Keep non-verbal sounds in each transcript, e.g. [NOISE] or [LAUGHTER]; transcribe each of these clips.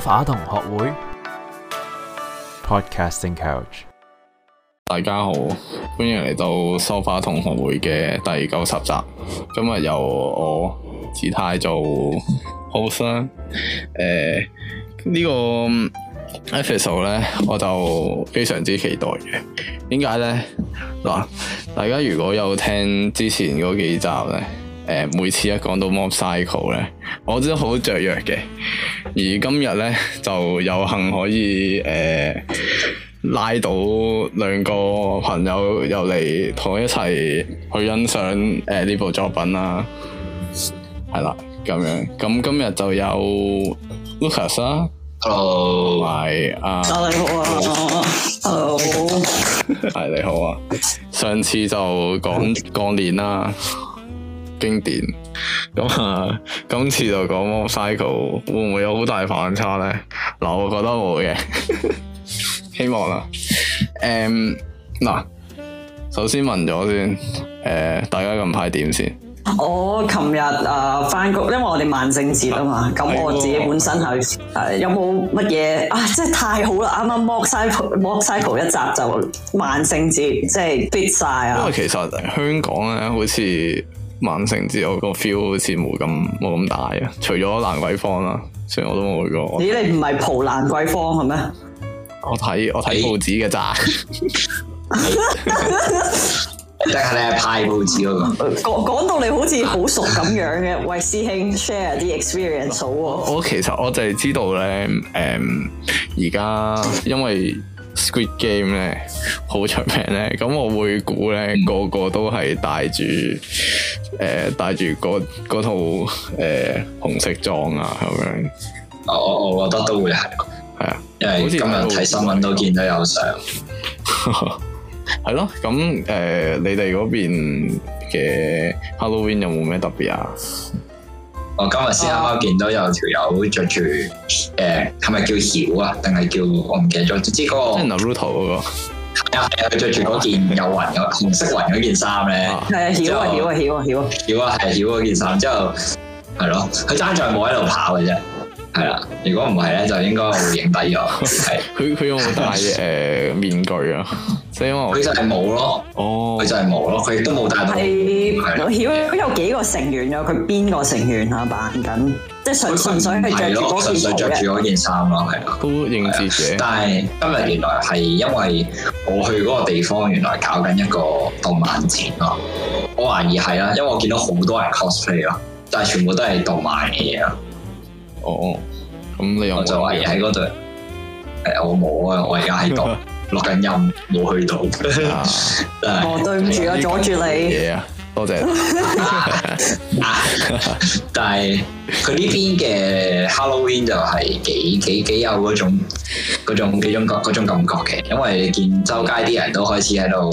Sofa 同學會 Podcasting Couch，大家好，歡迎嚟到 Sofa 同學會嘅第九十集。今日由我志泰做 host，誒、呃、呢、呢個 episode 呢，我就非常之期待嘅。點解呢？嗱，大家如果有聽之前嗰幾集呢，誒、呃、每次一講到 Mob Psycho 呢。我真係好雀躍嘅，而今日咧就有幸可以誒、呃、拉到兩個朋友又嚟同我一齊去欣賞誒呢、呃、部作品啦，係啦咁樣，咁今日就有 Lukas 啦，hello，同埋 and ,、uh, oh, 你好，hello，啊。係 [LAUGHS] 你好啊，上次就講過年啦。經典咁啊！今次就講 Mob Psycho 會唔會有好大反差咧？嗱、啊，我覺得冇嘅， [LAUGHS] [LAUGHS] 希望啦。誒、嗯，嗱、啊，首先問咗先。誒、啊，大家近排點先？我琴日啊翻工，因為我哋萬聖節啊嘛。咁、啊、我自己本身係係的、啊、有冇乜嘢啊？真係太好啦！啱啱 Mob Psycho Mob [LAUGHS] Psycho 一集就萬聖節，即係 fit 晒啊！因為其實香港咧，好似～萬聖節之後、那個 feel 好似冇咁冇咁大啊！除咗蘭桂坊啦，雖然我都冇去過。咦、欸？你唔係蒲蘭桂坊係咩？我睇我睇報紙嘅咋，但係你派報紙啊？講講到你好似好熟咁樣嘅， [LAUGHS] 喂師兄 share 啲 experience 好、啊。我其實我就係知道咧，誒、嗯，而家因為。Squid Game 咧，好出名咧，咁我會估咧、嗯、個個都係戴住誒、呃、戴住嗰套誒、呃、紅色裝啊咁樣。我我我覺得都會係，係啊，因為今日睇新聞都見到有相。係咯， [LAUGHS] [LAUGHS] 咁誒、呃、你哋嗰邊嘅 Halloween 有冇咩特別啊？我今日先啱啱見到有條友着住誒，係咪叫曉啊？定係叫我唔記得咗。總之嗰個，Naruto 嗰個，係啊，佢着住嗰件有雲有紅色雲嗰件衫咧，係曉啊，曉啊，曉啊，曉啊，曉啊，係曉嗰件衫。之後係咯，佢爭在冇一路跑嘅啫。係啦，如果唔係咧，就應該我會影低咗。佢，佢有冇戴誒面具啊？所以我佢就係冇咯，佢就係冇咯，佢亦都冇戴到。係，佢有幾個成員啊？佢邊個成員啊？扮緊？即係純是粹係着住嗰件。係咯，純粹着住咗件衫咯，係咯。都認字嘅。但係今日原來係因為我去嗰個地方，原來搞緊一個動漫展咯。我懷疑係啊，因為我見到好多人 cosplay 咯，但係全部都係動漫嘅嘢咯。哦，咁你又我就係喺嗰度，誒、嗯，我冇啊，我而家喺度落緊音，冇 [LAUGHS] 去到。我對唔住啊，阻住你。多謝 [LAUGHS] 啊。但係佢呢邊嘅 Halloween 就係幾 [LAUGHS] 幾幾有嗰種嗰種幾種種感覺嘅，因為你見周街啲人都開始喺度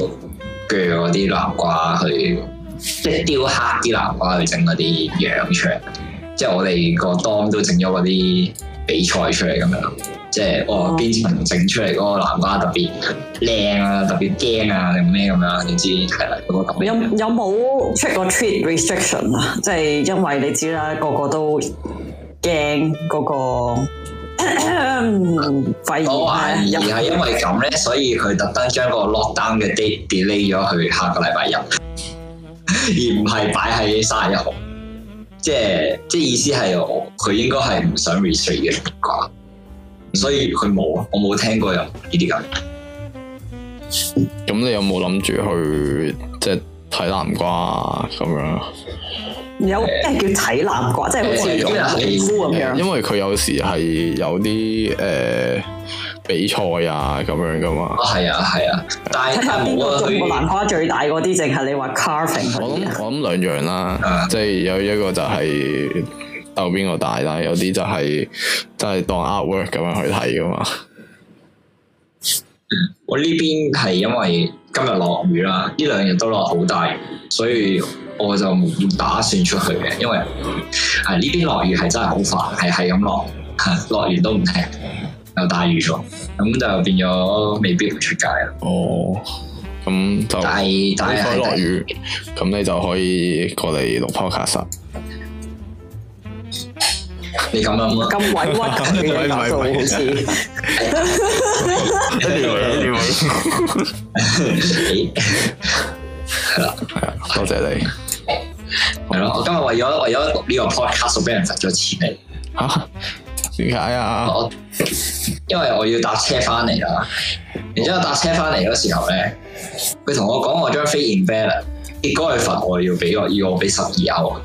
鋸嗰啲南瓜去，即 [LAUGHS] 雕刻啲南瓜去整嗰啲樣出。即係我哋個當都整咗嗰啲比賽出嚟咁樣，即係哦，邊層整出嚟嗰個南瓜特別靚啊，特別驚啊，定咩咁樣，你知係咪咁？有有冇 check 個 trick or treat restriction 啊？即係因為你知啦，個個都驚嗰、那個肺咳咳炎但，吧而係因為咁咧，所以佢特登將個 lock down 嘅 date delay 咗去下個禮拜日，而唔係擺喺卅一號。即係即係意思係，佢應該係唔想 restrain 嘅啩，所以佢冇，我冇聽過有呢啲咁。咁、嗯、你有冇諗住去即係睇南瓜啊咁樣？有即係叫睇南瓜，即係好似啲人起菇咁樣。因為佢有時係有啲誒。呃比賽啊咁樣噶嘛？哦，係啊，係啊，但係睇下邊個種南瓜最大嗰啲，定係你話 carving 嗰啲？我諗兩樣啦，啊、即係有一個就係鬥邊個大啦，有啲就係、是、真係當 artwork 咁樣去睇噶嘛。嗯、我呢邊係因為今日落雨啦，呢兩日都落好大，所以我就唔打算出去嘅，因為係呢、嗯、邊落雨係真係好煩，係係咁落，落完都唔停。有大雨咗，咁就變咗未必會出街啦。哦，咁就如果落雨，雨，咁雨雨你就可以過嚟錄 podcast。你咁 [LAUGHS] 啊，咁委屈嘅感受，好 [LAUGHS] 似 [LAUGHS] [LAUGHS] 了。係啦，係啦，多謝你。係咯，我今日為咗為咗呢個 podcast，俾人罰咗錢你。吓？點解啊？ [LAUGHS] 因為我要搭車翻嚟啊，然之後搭車翻嚟嗰時候咧，佢同我講我張飛 invalid，結果佢罰我要俾我，要我俾十二歐。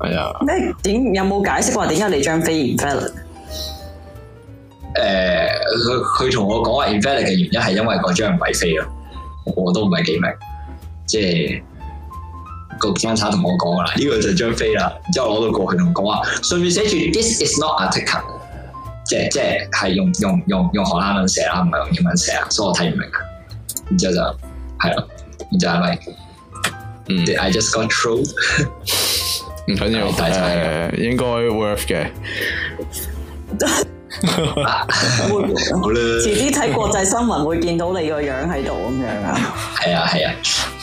係、哎、啊。咩點有冇解釋過點解你張飛 invalid？誒、呃，佢佢同我講話 invalid 嘅原因係因為嗰張唔係飛咯，我都唔係幾明，即係個房產同我講噶啦，呢、這個就係張飛啦，然之後我攞到過去同我講話，上面寫住 this is not a ticket。即即係用用用用荷蘭文寫啦，唔係用英文寫啊，所以我睇唔明。然之後就係咯、啊，然之後係嗯，對，I just control 唔緊要誒，應該 worth 嘅。冇，遲啲睇國際新聞會見到你個樣喺度咁樣啊。係啊係啊，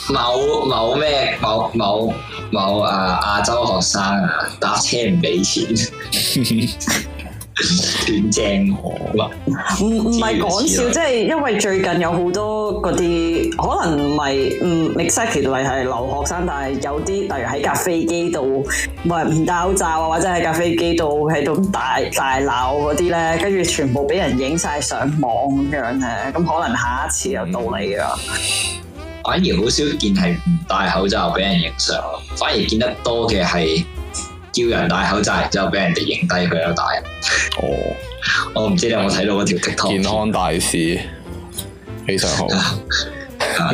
某某咩某某某啊亞洲學生啊，搭車唔俾錢。 [LAUGHS] [LAUGHS] 斷正，我唔唔係講笑，即係因為最近有好多嗰啲可能唔係唔 exactly 嚟、like, 係留學生，但係有啲例如喺架飛機度，唔係唔戴口罩啊，或者喺架飛機度喺度大大鬧嗰啲咧，跟住全部俾人影晒上網咁樣咧，咁可能下一次又到你啊！反而好少見係唔戴口罩俾人影相，反而見得多嘅係。叫人戴口罩，就俾人哋影低佢有戴。哦， [LAUGHS] 我唔知你有冇睇到嗰條 TikTok，健康大使非常好， [LAUGHS] [LAUGHS]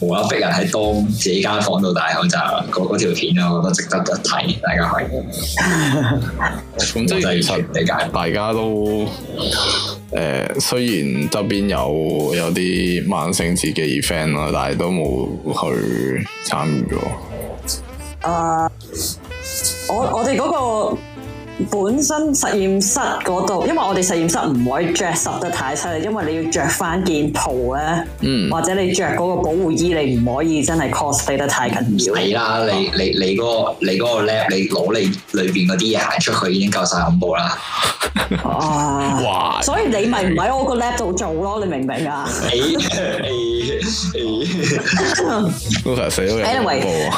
無啦逼人喺當自己間房度戴口罩，嗰嗰條片我覺得值得一睇，大家可以，咁 [LAUGHS] [LAUGHS] 大家都誒、呃，雖然周邊有有啲慢性子嘅 friend 啦，但係都冇去參與過。誒。我我哋嗰個本身實驗室嗰度，因為我哋實驗室唔可以着濕得太犀利，因為你要着翻件袍咧，嗯、或者你着嗰個保護衣，你唔可以真係 cos 得太緊要。唔使啦，你你你嗰、嗰個你嗰個 lab，你攞你裏邊嗰啲嘢行出去已經夠晒恐怖啦。啊、哇！所以你咪唔喺我個 lab 度做咯，你明唔明啊？哎哎哎，都係死我。係 Anyway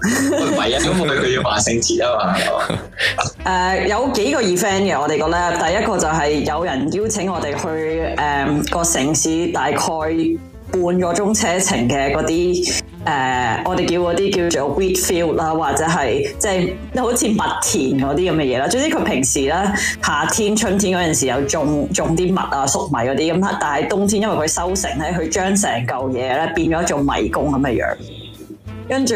唔係啊，咁我哋佢要萬聖節啊嘛。誒，有幾個 event 嘅，我哋覺得第一個就係有人邀請我哋去誒、呃、個城市，大概半個鐘車程嘅嗰啲誒，我哋叫嗰啲叫做 wheat field 啦，或者係即係好似麥田嗰啲咁嘅嘢啦。總之佢平時咧夏天、春天嗰陣時有種種啲麥啊、粟米嗰啲咁。但係冬天因為佢收成咧，佢將成嚿嘢咧變咗做迷宮咁嘅樣。跟住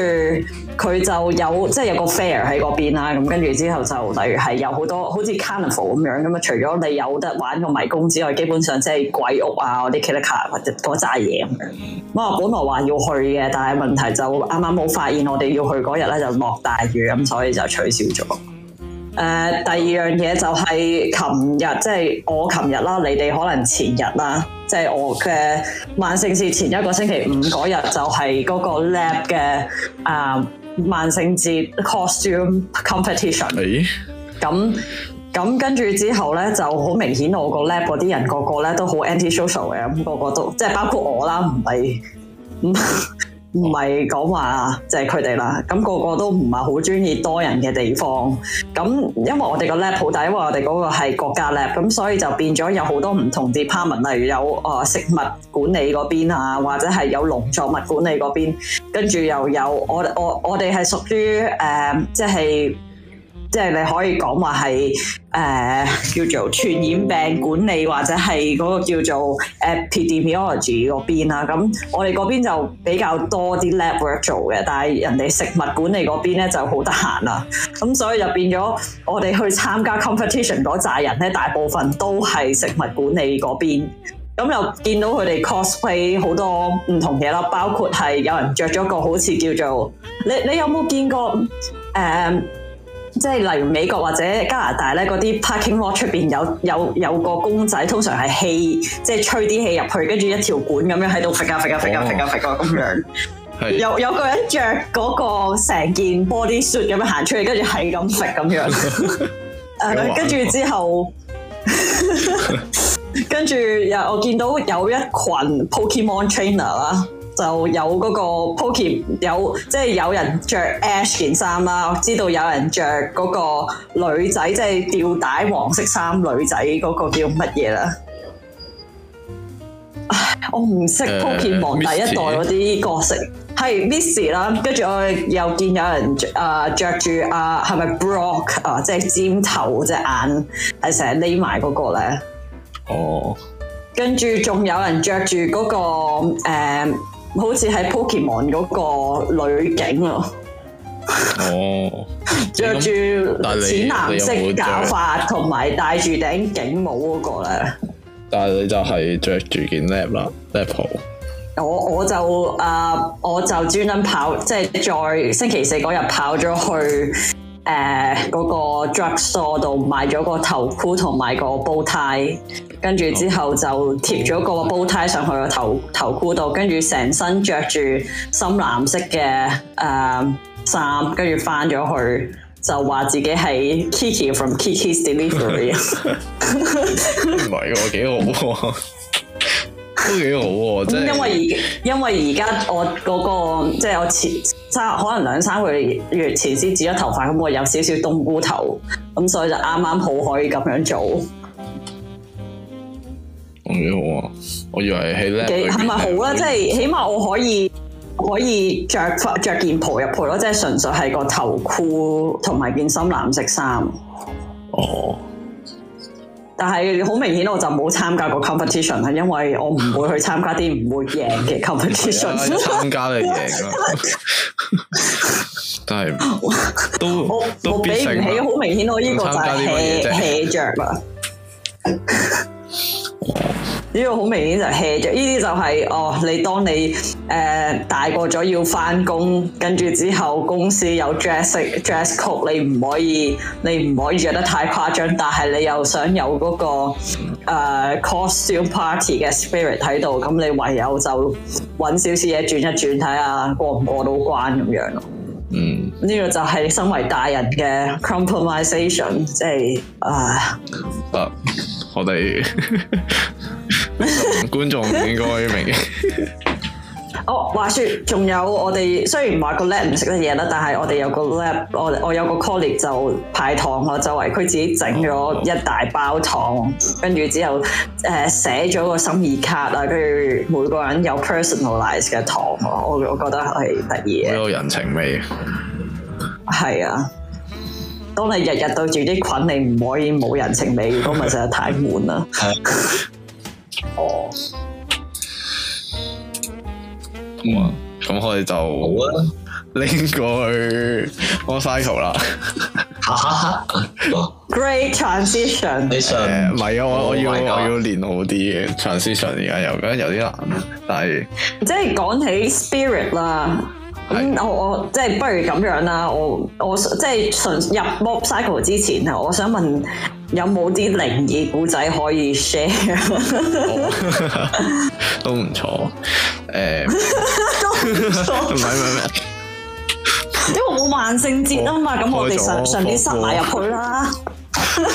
佢就有即係有個 fair 喺嗰邊啦，咁跟住之後就例如係有多好多好似 carnival 咁樣，咁啊除咗你有得玩個迷宮之外，基本上即係鬼屋啊、啲 killer car 或者嗰扎嘢咁樣。我本來話要去嘅，但係問題就啱啱冇發現我哋要去嗰日咧就落大雨，咁所以就取消咗。誒、呃，第二樣嘢就係琴日，即係我琴日啦，你哋可能前日啦。即係我嘅萬聖節前一個星期五嗰日，就係嗰個 lab 嘅啊、uh, 萬聖節 costume competition、哎。咁咁跟住之後咧，就好明顯我個 lab 嗰個 lab 嗰啲人個個咧都好 anti-social 嘅，咁個、個個都即係、就係、包括我啦，唔係。 [LAUGHS] 唔係講話就係佢哋啦，咁、那個個都唔係好鍾意多人嘅地方，咁因為我哋個 lab 好大，因為我哋嗰個係國家 lab，咁所以就變咗有好多唔同 department，例如有啊、呃、食物管理嗰邊啊，或者係有農作物管理嗰邊，跟住又有我我我哋係屬於誒、呃，即係。即係你可以講話係誒叫做傳染病管理或者係嗰個叫做誒 epidemiology 嗰邊啦，咁我哋嗰邊就比較多啲 lab work 做嘅，但係人哋食物管理嗰邊咧就好得閒啦，咁所以就變咗我哋去參加 competition 嗰扎人咧，大部分都係食物管理嗰邊，咁又見到佢哋 cosplay 好多唔同嘢啦，包括係有人着咗個好似叫做你你有冇見過誒？呃即係例如美國或者加拿大咧，嗰啲 parking lot 出邊有有有個公仔，通常係氣，即係吹啲氣入去，跟住一條管咁樣喺度 fit 啊 fit 啊 fit 啊 fit 啊 fit 啊咁樣。係。有有個人着嗰、那個成件 body suit 咁樣行出去，跟住係咁 fit 咁樣。誒，跟住之後，跟住又我見到有一群 Pokemon trainer 啦。就有嗰個 Poke 有即係有人着 Ash 件衫啦，我知道有人着嗰個女仔即係吊帶黃色衫女仔嗰個叫乜嘢啦？唉，我唔識 Pokemon 第一代嗰啲角色係 Mis、uh, Misty 啦，跟住我又見有人啊、呃、著住啊、呃、係咪 Brock 啊、呃？即係尖頭隻眼係成日匿埋嗰個咧。哦，跟住仲有人着住嗰個誒。呃好似喺 Pokemon 嗰個女警咯，哦，着住淺藍色有有假髮，同埋戴住頂警帽嗰個咧。但係你就係着住件 lap 啦，lap 好。我我就啊，我就專登、uh, 跑，即係在星期四嗰日跑咗去誒嗰、uh, 個 drug store 度買咗個頭箍，同埋個煲呔。跟住之後就貼咗個煲呔上去個頭頭箍度，跟住成身着住深藍色嘅誒衫，跟、呃、住翻咗去就話自己係 Kiki from Kiki's Delivery。唔係喎，幾好喎，都幾好喎。因為而因為而家我嗰、那個即係我前差可能兩三個月前先剪咗頭髮，咁我有少少冬菇頭，咁所以就啱啱好可以咁樣做。嗯、我以為係咧、啊，係咪好啦？即係起碼我可以可以著著件袍入袍咯，即係純粹係個頭箍同埋件深藍色衫。哦。但係好明顯，我就冇參加過 competition 係因為我唔會去參加啲唔會贏嘅 competition、 [LAUGHS] 啊。參加你贏啦，真 [LAUGHS] 係 [LAUGHS] 都我都我俾唔起。好明顯，我呢個就係戲着著啦。 [LAUGHS] 呢個好明顯就 hea 呢啲就係、是、哦，你當你誒、呃、大個咗要返工，跟住之後公司有 dress code dress code 你唔可以，你唔可以着得太誇張，但係你又想有嗰、那個、呃、costume party 嘅 spirit 喺度，咁你唯有就搵少少嘢轉一轉，睇下過唔過到關咁樣咯。嗯，呢個就係身為大人嘅 compromi、呃、sation 即係啊，我哋。 [LAUGHS] [LAUGHS] 觀眾應該明。 [LAUGHS] 哦，話說仲有我哋，雖然話個 lab 唔識得嘢啦， [MUSIC] 但係我哋有個 lab，我我有個 colleague 就派糖我周圍，佢自己整咗一大包糖，跟住之後誒寫咗個心意卡啊，跟住每個人有 personalize 嘅糖，我我覺得係得意嘅，好有人情味。係 [LAUGHS] 啊，當你日日對住啲菌，你唔可以冇人情味，如果咪係就太悶啦。 [LAUGHS] [LAUGHS] 哦，咁、oh. wow. 啊，咁我哋就拎過去 Psycho 啦。哈哈哈，Great transition！你想唔係啊？我我,我要、oh、my 我要練好啲嘅 transition，而家又覺得有啲難但係即係講起 spirit 啦。 [LAUGHS] 咁我我，我即係不如咁樣啦，我我即係入 Mob Psycho 之前，啊，我想問有冇啲靈異古仔可以 share？都唔錯，誒、嗯，都唔錯，唔係唔係唔係，因為冇萬聖節啊嘛，咁我哋順順便塞埋入去啦。誒、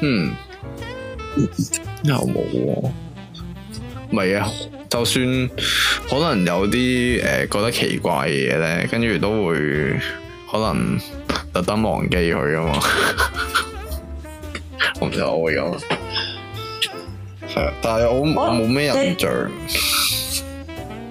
嗯，嗯，又冇啊，唔係啊。就算可能有啲誒、呃、覺得奇怪嘅嘢咧，跟住都會可能特登忘記佢噶嘛。 [LAUGHS] 我唔知我會講，係 [LAUGHS] 啊我，但係我冇咩印象。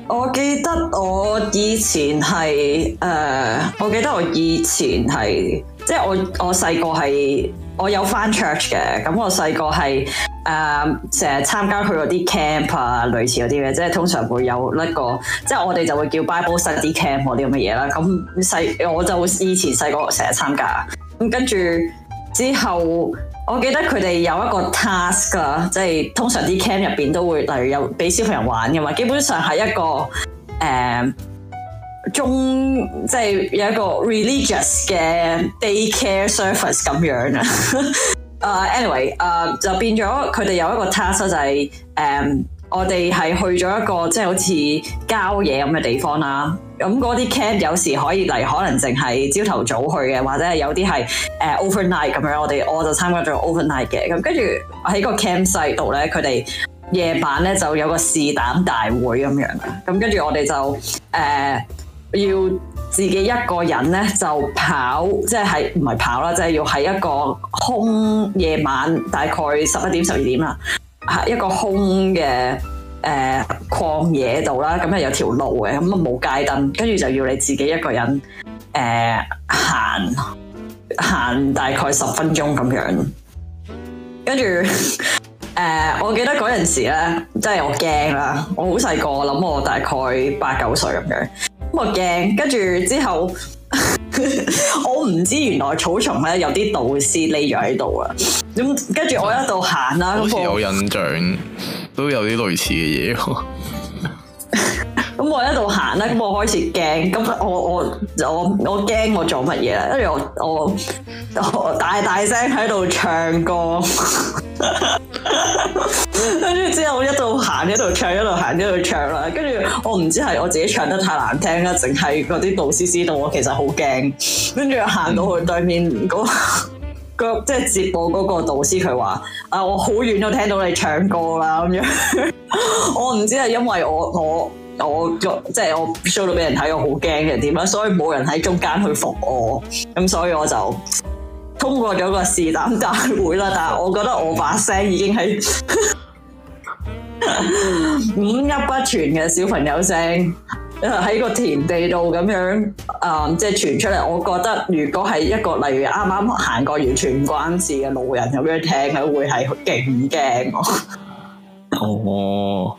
我記得我以前係誒、呃，我記得我以前係，即係我我細個係我有翻 church 嘅，咁我細個係。誒成日參加佢嗰啲 camp 啊，類似嗰啲嘅，即係通常會有一個，即係我哋就會叫 Bible study camp 嗰啲咁嘅嘢啦。咁細我就以前細個成日參加，咁跟住之後，我記得佢哋有一個 task 噶，即係通常啲 camp 入邊都會例如有俾小朋友玩嘅嘛，基本上係一個誒、呃、中即係有一個 religious 嘅 daycare service 咁樣啊。 [LAUGHS] 誒、uh，anyway，誒、uh, 就變咗佢哋有一個 task 就係、是、誒，um, 我哋係去咗一個即係好似郊野咁嘅地方啦。咁嗰啲 camp 有時可以嚟，可能淨係朝頭早去嘅，或者係有啲係誒 overnight 咁樣。我哋我就參加咗 overnight 嘅。咁跟住喺個 campsite 度咧，佢哋夜晚咧就有個試膽大會咁樣。咁跟住我哋就誒、uh, 要，自己一個人咧就跑，即係喺唔係跑啦，即係要喺一個空夜晚，大概十一點十二點啦，喺一個空嘅誒曠野度啦，咁啊有條路嘅，咁啊冇街燈，跟住就要你自己一個人誒行行大概十分鐘咁樣，跟住誒，我記得嗰陣時咧，即係我驚啦，我好細個，我諗我大概八九歲咁樣。咁我驚，跟住之後 [LAUGHS] 我唔知原來草叢咧有啲導師匿咗喺度啊！咁跟住我一度行啦，好似有印象我 [LAUGHS] 都有啲類似嘅嘢。咁 [LAUGHS] [LAUGHS] 我一度行啦，咁我開始驚，咁我我我我驚我做乜嘢啦？跟住我我，我大大聲喺度唱歌。 [LAUGHS] 之後我一路行一路唱一路行一路唱啦，跟住我唔知係我自己唱得太難聽啦，淨係嗰啲導師知道我其實好驚，跟住行到去對面嗰、那個、那個、即係接我嗰個導師，佢話啊我好遠都聽到你唱歌啦咁樣， [LAUGHS] 我唔知係因為我我我即係我 show 到俾人睇，我好驚嘅點啦，所以冇人喺中間去服我，咁所以我就通過咗個試膽大會啦，但係我覺得我把聲已經係。 [LAUGHS] 五音、 [LAUGHS] 嗯、不全嘅小朋友聲喺個田地度咁樣誒、呃，即係傳出嚟。我覺得如果係一個例如啱啱行過完全唔關事嘅路人，有俾佢聽，佢會係勁驚哦，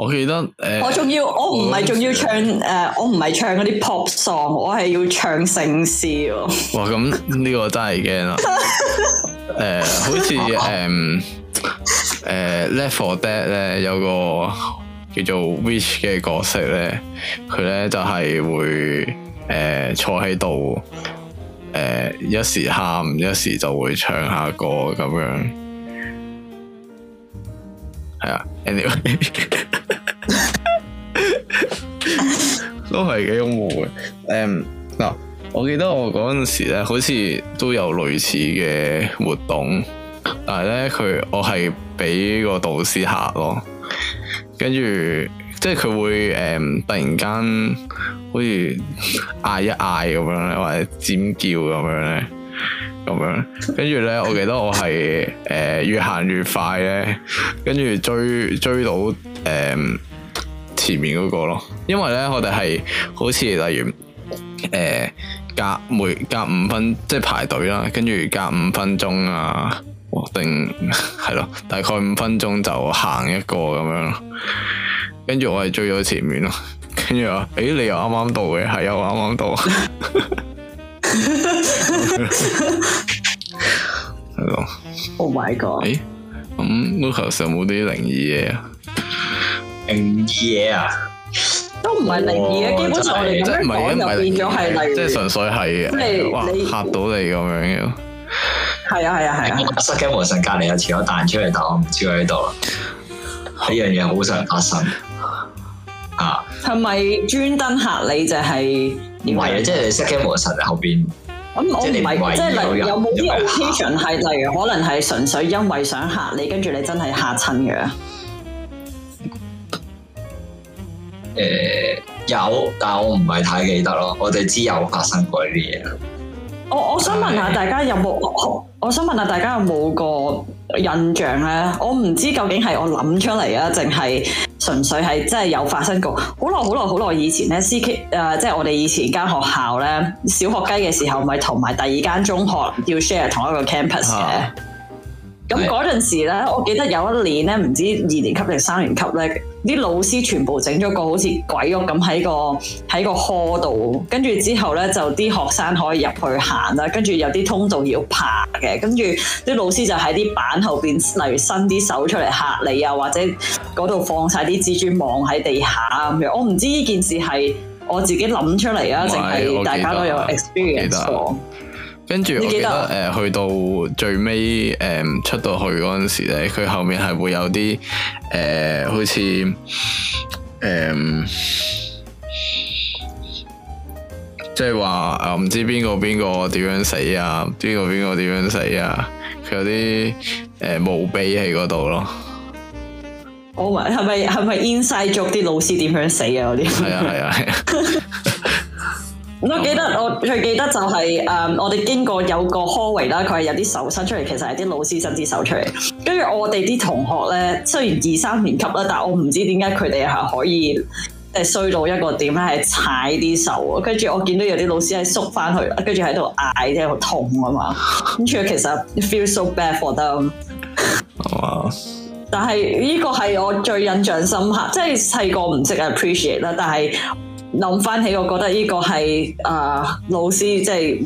我記得誒、呃， [LAUGHS] 我仲要我唔係仲要唱誒， [LAUGHS] uh, 我唔係唱嗰啲 pop song，我係要唱聖詩哦。哇，咁呢個真係驚啊！誒、 [LAUGHS] [LAUGHS] uh,，好似誒。誒《uh, Left for Dead》咧有個叫做 witch 嘅角色咧，佢咧就係、是、會誒、呃、坐喺度，誒、呃、一時喊一時就會唱下歌咁樣，係、yeah, 啊，anyway [LAUGHS] [LAUGHS] 都係幾恐怖嘅。誒嗱，我記得我嗰陣時咧，好似都有類似嘅活動。但係咧，佢我係俾個導師嚇咯，跟住即係佢會誒、嗯、突然間好似嗌一嗌咁樣咧，或者尖叫咁樣咧，咁樣跟住咧，我記得我係誒、呃、越行越快咧，跟住追追到誒、嗯、前面嗰個咯，因為咧我哋係好似例如誒、呃、隔每隔五分即係排隊啦，跟住隔五分鐘啊。哦、定係咯，大概五分鐘就行一個咁樣，跟住我係追咗前面咯，跟住話，誒，你又啱啱到嘅，係又啱啱到，係咯。Oh my god！咁 Lucas 有冇啲靈異嘢啊？靈 And yeah. 異嘢啊？都唔係靈異嘅，基本上、哦、我哋咁樣講就變咗係，即係純粹係，咁你嚇到你咁樣嘅。係 [LAUGHS] 啊，係啊，係啊！失驚無神隔籬有次，我彈出嚟，但我唔知佢喺度。呢樣嘢好常發生啊！係咪專登吓你？就係唔係啊？即係失驚無神後邊咁，我唔係即係例如有冇啲 occasion 係例如可能係純粹因為想吓你，跟住你真係嚇親嘅？誒、 [LAUGHS] 呃，有，但係我唔係太記得咯，我哋知有發生過呢啲嘢。我我想問下大家有冇？我想問下大家有冇個印象咧？我唔知究竟係我諗出嚟啊，定係純粹係真係有發生過好耐好耐好耐以前咧？C K 誒、呃，即係我哋以前間學校咧，小學雞嘅時候咪同埋第二間中學要 share 同一個 campus 嘅。啊。咁嗰陣時咧，我記得有一年咧，唔知二年級定三年級咧，啲老師全部整咗個好似鬼屋咁喺個喺個 hall 度，跟住之後咧就啲學生可以入去行啦，跟住有啲通道要爬嘅，跟住啲老師就喺啲板後邊，例如伸啲手出嚟嚇你啊，或者嗰度放晒啲蜘蛛網喺地下咁樣。我唔知呢件事係我自己諗出嚟啊，定係是大家都有 experience 跟住，我記得誒、呃，去到最尾誒、呃、出到去嗰陣時咧，佢後面係會有啲誒、呃，好似誒，即係話誒，唔、就是呃、知邊個邊個點樣死啊，邊個邊個點樣死啊？佢有啲誒墓碑喺嗰度咯我。我係咪係咪 inside 啲老師點樣死啊？嗰啲？係啊，係啊，係啊。 [LAUGHS] [LAUGHS] 我記得我最記得就係、是、誒、嗯，我哋經過有個 hallway 啦，佢係有啲手伸出嚟，其實係啲老師伸啲手伸出嚟。跟住我哋啲同學咧，雖然二三年級啦，但我唔知點解佢哋係可以誒衰到一個點咧，係踩啲手。跟住我見到有啲老師係縮翻去，跟住喺度嗌，即係好痛啊嘛。跟住其實 feel so bad for them Wow. 但。但係呢個係我最印象深刻，即係細個唔識 appreciate 啦，但係。諗翻起，我覺得呢個係誒、呃、老師，即係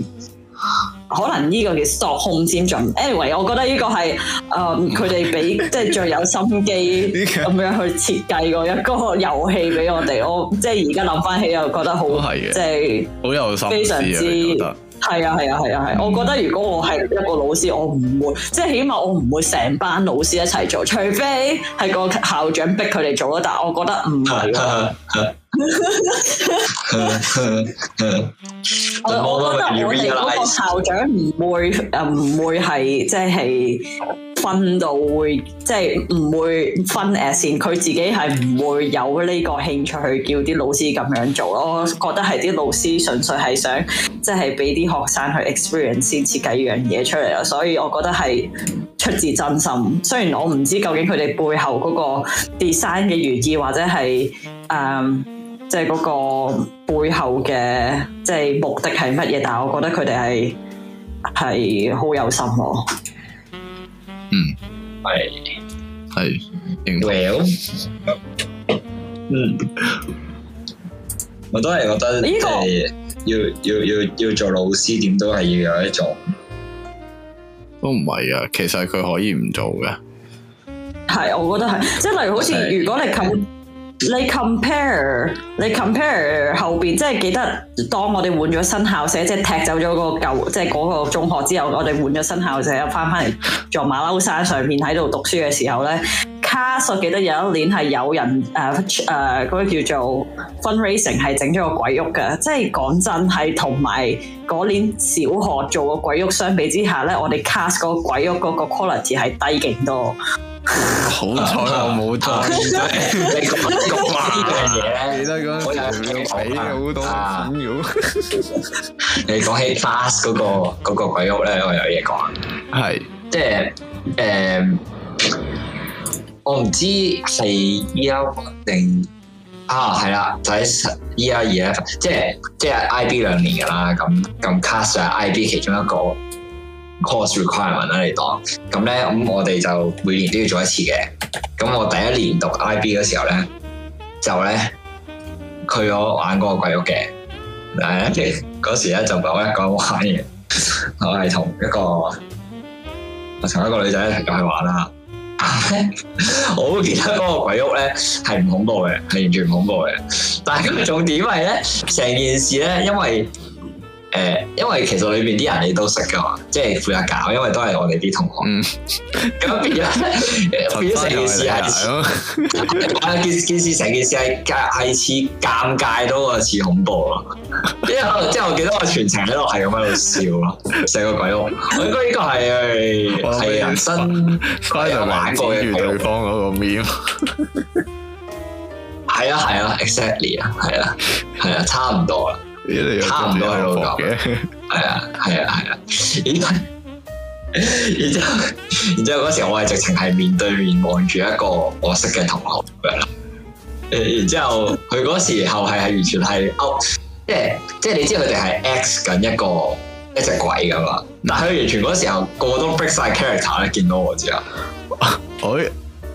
可能呢個叫索控先準。Anyway，我覺得呢個係誒佢哋俾即係最有心機咁樣去設計個一個遊戲俾我哋。我即係而家諗翻起又覺得好係嘅，即係好有心，非常之係啊係啊係啊係！我覺得如果我係一個老師，我唔會即係，起碼我唔會成班老師一齊做，除非係個校長逼佢哋做咯。但係我覺得唔係。 [LAUGHS] [LAUGHS] [LAUGHS] [LAUGHS] 我我覺得我哋嗰個校長唔會誒唔、 [LAUGHS] 呃、會係即係分到會即係唔會分誒線，佢自己係唔會有呢個興趣去叫啲老師咁樣做咯。我覺得係啲老師純粹係想即係俾啲學生去 experience 先設計樣嘢出嚟咯。所以我覺得係出自真心。雖然我唔知究竟佢哋背後嗰個 design 嘅寓意或者係誒。呃即係嗰個背後嘅，即係目的係乜嘢？但係我覺得佢哋係係好有心咯。嗯，係係，well。嗯，我都係覺得，即係、這個、要要要要做老師，點都係要有一種。都唔係噶，其實佢可以唔做噶。係，我覺得係，即係例如好似、就是，如果你你 compare，你 compare 後邊，即係記得當我哋換咗新校舍，即係踢走咗個舊，即係嗰個中學之後，我哋換咗新校舍，翻翻嚟做馬騮山上面喺度讀書嘅時候咧，cast,、mm hmm. cast, 記得有一年係有人誒誒嗰個叫做 fundraising 係整咗個鬼屋噶，即係講真係同埋嗰年小學做個鬼屋相比之下咧，我哋 cast 嗰個鬼屋嗰個 quality 係低勁多。 [LAUGHS] 好彩我冇做、 [LAUGHS] 啊，你講埋呢樣嘢， [LAUGHS] 記得嗰陣時要俾你講起 cast 嗰、嗰個、嗰個鬼屋咧，我有嘢講。係，即係誒，我唔知係依家定啊，係啦，就喺依家而家，即係即係 IB 兩年噶啦，咁咁 cast 上 IB 其中一個 Course requirement 啦，你當咁咧，咁我哋就每年都要做一次嘅。咁我第一年讀 IB 嘅時候咧，就咧去咗玩嗰個鬼屋嘅。嗱、啊，嗰 [LAUGHS] 時咧就唔係我一個人玩嘅， [LAUGHS] 我係同一個我同一個女仔一齊去玩啦。好、啊、記 [LAUGHS] 得嗰個鬼屋咧係唔恐怖嘅，係完全唔恐怖嘅。但係個重點係咧，成件事咧，因為。誒，因為其實裏邊啲人你都識噶嘛，即係負責搞，因為都係我哋啲同學。咁、嗯、變咗，變咗成件事係似，啊，件件事成件事係介係似尷尬多過似恐怖咯。因為即係我記得我全程喺度係咁喺度笑咯，成個鬼屋。我應該應該係係人生翻嚟玩過嘅對方嗰個面。係啊係啊，exactly 啊，係啊，係、exactly，啊，啊，差唔多啦。差唔多係老狗嘅，係啊，係 [LAUGHS] 啊，係啊， [LAUGHS] 然之然之後，然之後嗰時我係直情係面對面望住一個我識嘅同學咁樣啦。然之後佢嗰 [LAUGHS] 時候係係完全係 o 即係即係你知佢哋係 X 緊一個一隻鬼噶嘛，但係佢完全嗰時候個個都 break 晒 character 咧，見到我之後，佢。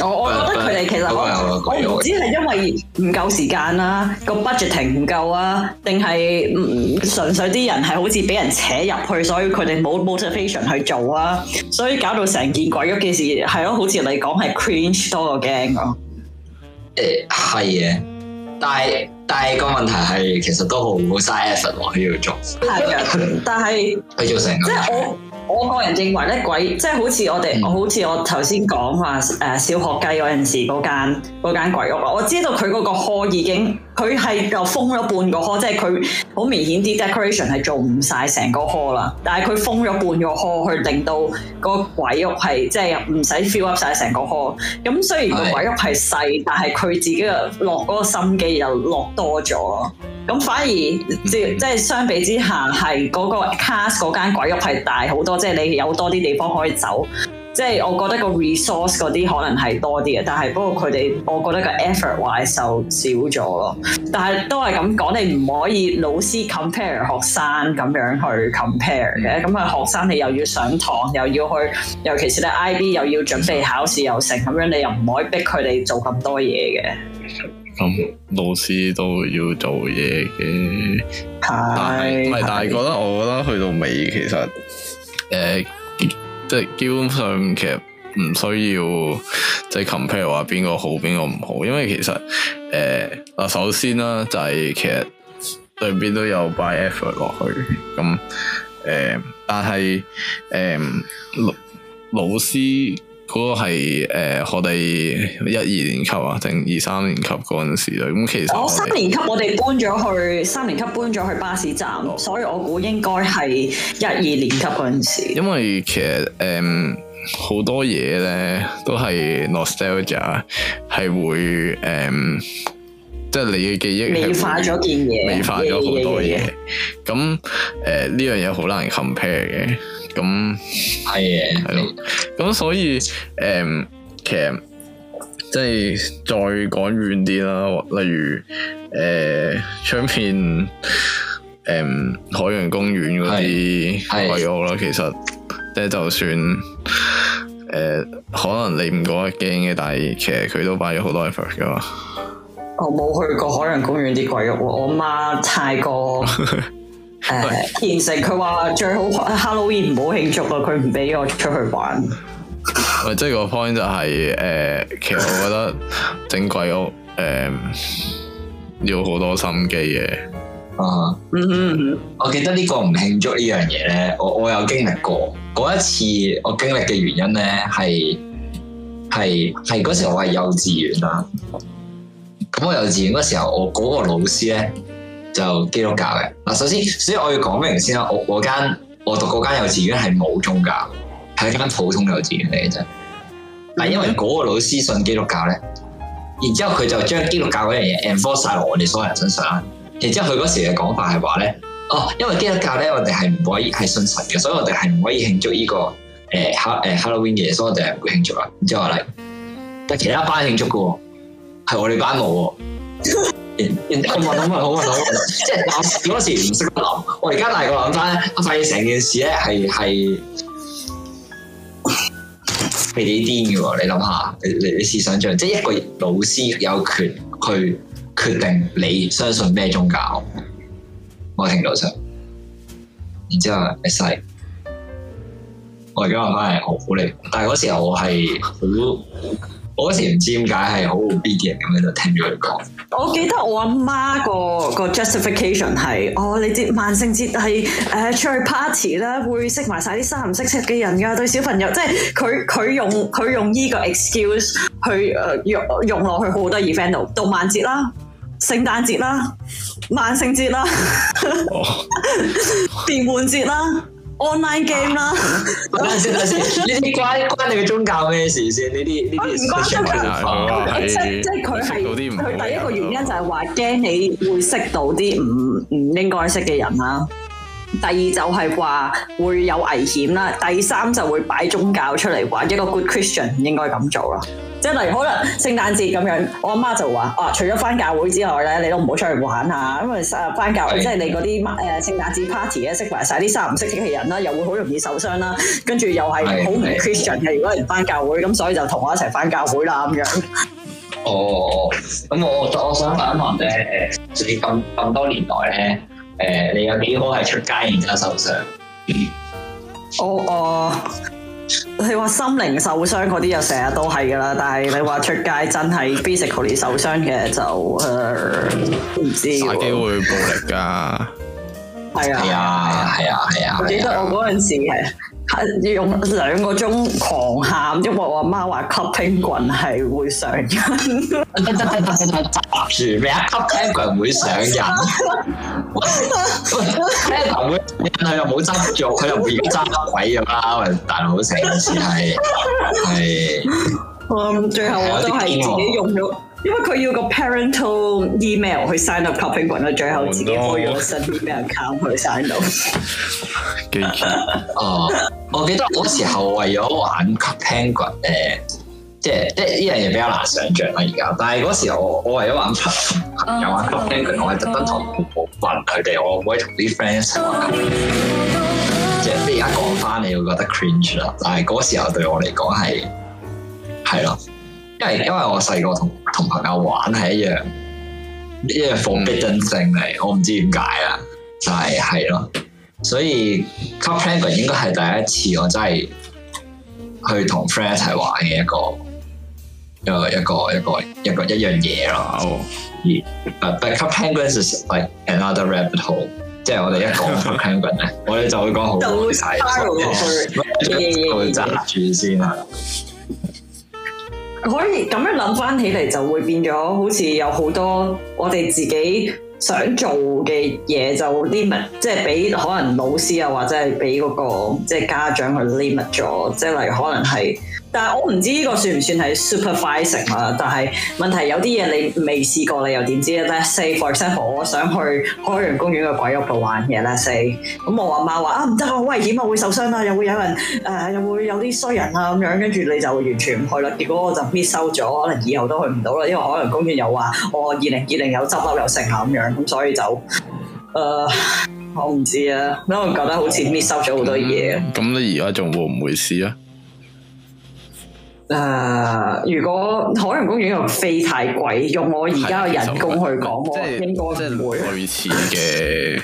我我覺得佢哋其實只我係因為唔夠時間啦，個 budget 唔夠啊，定係、 [MUSIC] 啊、嗯純粹啲人係好似俾人扯入去，所以佢哋冇 motivation 去做啊，所以搞到成件鬼屋嘅事，係咯，好似你講係 cringe 多過驚啊。誒係嘅，但係但係個問題係其實都好好嘥 effort 佢要做，啊，但係即係我。我我個人認為咧，鬼即係好似我哋，嗯、好似我頭先講話誒，小學雞嗰陣時嗰間，嗰間鬼屋啊，我知道佢嗰個殼已經佢係又封咗半個殼，即係佢好明顯啲 decoration 係做唔晒成個殼啦。但係佢封咗半個殼去令到個鬼屋係即係唔使 fill up 晒成個殼。咁雖然個鬼屋係細，是但係佢自己嘅落嗰個心機又落多咗。咁反而即即係相比之下係嗰個 cast 嗰間鬼屋係大好多，即係你有多啲地方可以走，即係我覺得個 resource 嗰啲可能係多啲嘅，但係不過佢哋我覺得個 effort wise 就少咗咯。但係都係咁講，你唔可以老師 compare 學生咁樣去 compare 嘅。咁啊、嗯、學生你又要上堂，又要去，尤其是咧 IB 又要準備考試又成樣，咁樣你又唔可以逼佢哋做咁多嘢嘅。咁老師都要做嘢嘅，Hi，但係唔係？Hi. 但係覺得我覺得去到尾其實誒、呃，即係基本上其實唔需要即係 compare 話邊個好邊個唔好，因為其實誒，啊、呃、首先啦，就係、是、其實兩邊都有擺 effort 落去，咁誒、呃，但係誒老老師。嗰個係誒我哋一二年級啊，定二三年級嗰陣時咧，咁其實我三年級我哋搬咗去三年級搬咗去巴士站，所以我估應該係一二年級嗰陣時。因為其實誒好多嘢咧都係 nostalgia，係會誒、呃，即係你嘅記憶美化咗件嘢，美化咗好多嘢。咁誒呢樣嘢好難 compare 嘅。咁係嘅，係咯。咁所以，誒、嗯，其實即係再講遠啲啦，例如誒，出、呃、面誒、嗯、海洋公園嗰啲鬼屋啦，其實即係就算誒、呃，可能你唔覺得驚嘅，但係其實佢都擺咗好多 effort 噶嘛。我冇去過海洋公園啲鬼屋喎，我媽太過誒虔誠，佢話最好 Halloween 唔好慶祝啊，佢唔俾我出去玩。即係個 point 就係、是、誒、呃，其實我覺得整鬼屋誒、呃，要好多心機嘅。啊，嗯嗯 [LAUGHS] 我記得個慶呢個唔慶祝呢樣嘢咧，我我有經歷過嗰一次，我經歷嘅原因咧係係係嗰時候我係幼稚園啦。咁我幼稚園嗰時候，我嗰個老師咧就基督教嘅。嗱，首先，所以我要講明先啦，我我間我讀嗰間幼稚園係冇宗教。係一間普通幼稚園嚟嘅啫。嗱，因為嗰個老師信基督教咧，然之後佢就將基督教嗰樣嘢 enforce 晒落我哋所有人身上。然之後佢嗰時嘅講法係話咧，哦，因為基督教咧，我哋係唔可以係信神嘅，所以我哋係唔可以慶祝呢、呢個，誒 Halloween 嘅，所以我哋係唔會慶祝啦。然之後話嚟，但係其他班慶祝嘅，係我哋班冇。 [LAUGHS] 然然好啊好啊好啊好即係嗰時唔識得諗，我而家大個諗翻咧，我發現成件事咧係係。你哋癲嘅喎，你諗下，你你，你，你試想象，即係一個老師有權去決定你相信咩宗教。我停到先，然之後一世，我而家話翻係好苦力，但係嗰時候我係好。呵呵我嗰時唔知點解係好無啲人咁喺度聽咗佢講。我記得我阿媽個、嗰個 justification 係，哦，你知，萬聖節係誒、呃、出去 party 啦，會識埋晒啲三唔識七嘅人㗎，對小朋友，即係佢佢用佢用呢個 excuse 去誒用用落去好多 event 度，到萬節啦、聖誕節啦、萬聖節啦、 [LAUGHS] [LAUGHS] 電玩節啦。online game 啦、啊，等先，先，呢啲關關你嘅宗教咩事先？呢啲呢啲，即係即係佢係，佢、啊、第一個原因就係話驚你會識到啲唔唔應該識嘅人啦，第二就係話會有危險啦，第三就會擺宗教出嚟話一個 good Christian 應該咁做啦。即係例如可能聖誕節咁樣，我阿媽就話：啊，除咗翻教會之外咧，你都唔好出去玩下，因為誒翻教會的即係你嗰啲誒聖誕節 party 咧，識埋晒啲三唔識嘅人啦，又會好容易受傷啦，跟住又係好唔安全嘅。如果唔翻教會，咁所以就同我一齊翻教會啦咁樣。哦，咁我我想問一問咧，誒，你咁咁多年代咧，誒，你有幾好係出街然之後受傷？哦、嗯、哦。呃你話心靈受傷嗰啲就成日都係噶啦，但係你話出街真係 physically 受傷嘅就，呃、都唔知。有機會暴力㗎。係啊係啊係啊係啊！啊啊啊啊啊我記得我嗰陣時係。用兩個鐘狂喊，因為我阿媽話吸聽棍係會上癮，住咩？吸聽棍會上癮，聽筒會，然後又冇執著，佢又會執鬼咗啦。大佬，成件事係係，嗯，最後我都係自己用咗。因為佢要個 parental email 去 sign up capybara，最後自己開咗新 email account 去 sign up。記住啊！我記得嗰時候為咗玩 capybara，、呃、即係即係呢樣嘢比較難想象啦。而家，但係嗰時候我我為咗玩 cap，玩 capybara 我係特登同婆婆問佢哋，我會同啲 friend 玩。即係而家講翻，你會覺得 cringe 啦。但係嗰時候對我嚟講係係咯。因為因為我細個同同朋友玩係一樣，呢樣 forbidden thing 嚟，我唔知點解啊，就係係咯，所以 coupling 應該係第一次我真係去同 friend 一齊玩嘅一個一個一個一個一樣嘢咯。而啊 but coupling is 唔、like、係 another rabbit hole，即係我哋一講 coupling 咧，我哋就會講好。就唔使 f o l l 住先啊！可以咁樣諗翻起嚟，就會變咗好似有好多我哋自己想做嘅嘢，就 limit，即係俾可能老師啊，或者係俾嗰個即係家長去 limit 咗，即係例如可能係。但係我唔知呢個算唔算係 supervising 啊？但係問題有啲嘢你未試過，你又點知咧？Say for example，我想去海洋公園嘅鬼屋度玩嘢咧。Say，咁我阿媽話啊唔得啊，好危險啊，會受傷啊，又會有人誒，又會有啲衰人啊咁樣，跟住你就完全唔去啦。結果我就 miss 咗，可能以後都去唔到啦，因為海洋公園又話我二零二零有執笠又盛下咁樣，咁所以就誒、呃、我唔知啊，因為覺得好似 miss 咗好多嘢。咁、嗯、你而家仲會唔會試啊？誒，如果海洋公園又飛太貴，用我而家嘅人工去講，我應該唔會。類似嘅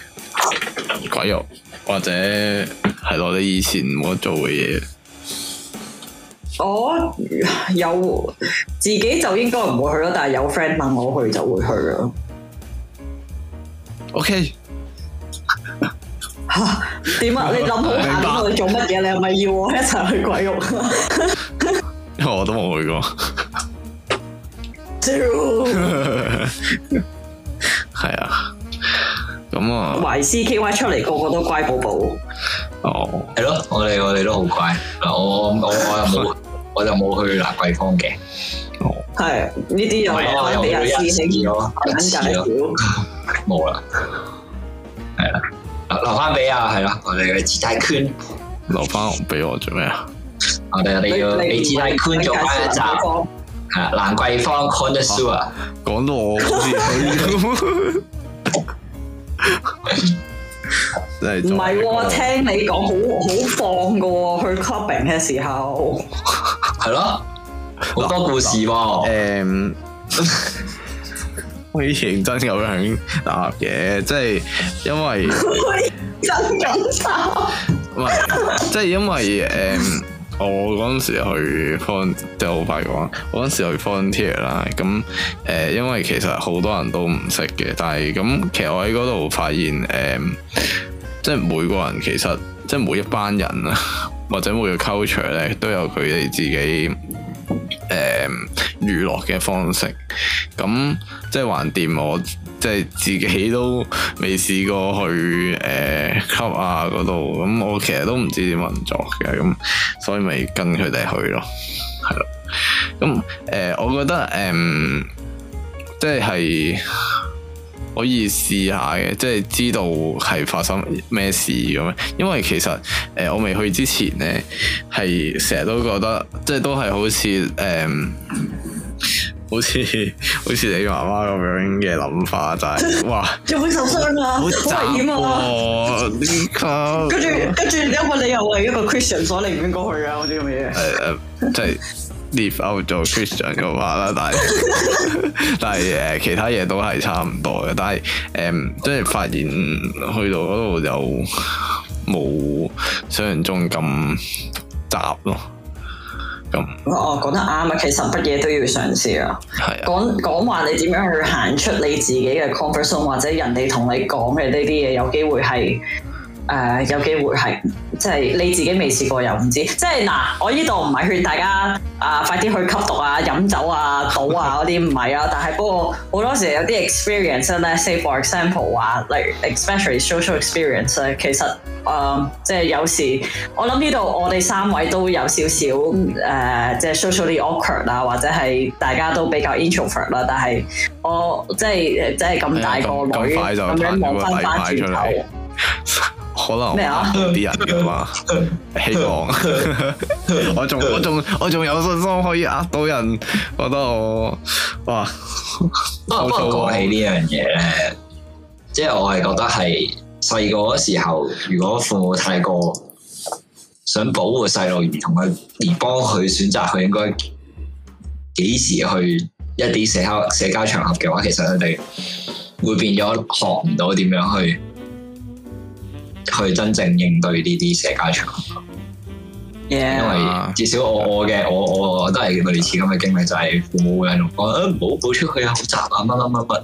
鬼屋，或者係咯，你以前冇得做嘅嘢，我有自己就應該唔會去咯，但係有 friend 問我去就會去咯。OK，吓點啊？你諗好下我哋做乜嘢？你係咪要我一齊去鬼屋？因我、哦、都冇去過，係 [LAUGHS] [LAUGHS] 啊，咁啊，維 C K Y 出嚟個個都乖寶寶，哦，係咯，我哋 [LAUGHS] 我哋都好乖嗱，我我我又冇，我就冇去蘭桂坊嘅，哦，係呢啲又可以俾人試下咯，一次咯，冇啦，係啦，留翻俾啊，係啦，我哋嘅自拍券，留翻俾我做咩啊？我哋我哋要俾支梯 con 咗翻蘭桂坊 c 講到我好似去， [LAUGHS] 真係唔係，聽你講好好放噶去 covering 嘅時候係咯，好多故事噃，啊，誒，嗯、 [LAUGHS] 我以前真咁樣答嘅，即係因為真感受，唔 [LAUGHS] 係，即係因為誒。Um, 我嗰陣時去 fun，即係好快講，我嗰陣時去 volunteer 啦。咁誒，因為其實好多人都唔識嘅，但係咁其實我喺度發現，誒、嗯，即係每個人其實即係每一班人啊，或者每個 culture 咧，都有佢哋自己誒、嗯、娛樂嘅方式。咁、嗯、即係橫掂我。即係自己都未試過去誒、呃、club 啊嗰度，咁我其實都唔知點運作嘅，咁所以咪跟佢哋去咯，係咯。咁誒、呃，我覺得誒、嗯，即係可以試下嘅，即係知道係發生咩事咁。因為其實誒、呃，我未去之前呢，係成日都覺得，即係都係好似誒，嗯好似好似你媽媽咁樣嘅諗法就係、是，哇，有冇受傷啊？好危險啊，呢家，跟住跟住，有冇理由係一個 Christian 所寧願過去啊，我知咁嘅嘢。係誒，即係 live out 做 Christian 嘅話啦，但係但係誒，uh, 其他嘢都係差唔多嘅，但係誒，um, 即係發現去到嗰度就冇想象中咁雜咯。咁、嗯、哦，講得啱啊！其實乜嘢都要嘗試啊。係。講講話你點樣去行出你自己嘅 conversation，或者人哋同你講嘅呢啲嘢，有機會係。誒、uh, 有機會係，即係你自己未試過又唔知。即係嗱、啊，我呢度唔係勸大家啊，快啲去吸毒啊、飲酒啊、賭啊嗰啲唔係啊。但係不過好多時有啲 experience 咧 [LAUGHS] ，say for example 啊，like especially social experience 咧，其實誒、啊、即係有時我諗呢度我哋三位都有少少誒、啊，即係 socially awkward 啊，或者係大家都比較 introvert 啦。但係我即係即係咁大個女咁樣扭翻翻轉頭。 [LAUGHS] 可能啲人嘅話，希望麼 [LAUGHS] [LAUGHS] 我仲我仲我仲有信心可以呃到人，覺得我哇！ [LAUGHS] 不過講起呢樣嘢咧，即係我係覺得係細個嗰時候，如果父母太過想保護細路兒同佢，而幫佢選擇佢應該幾時去一啲社交社交場合嘅話，其實佢哋會變咗學唔到點樣去。去真正應對呢啲社交場，Yeah. 因為至少我我嘅我我都係類似咁嘅經歷，就係、是、父母會喺度講，唔好走出去啊，好雜啊，乜乜乜乜，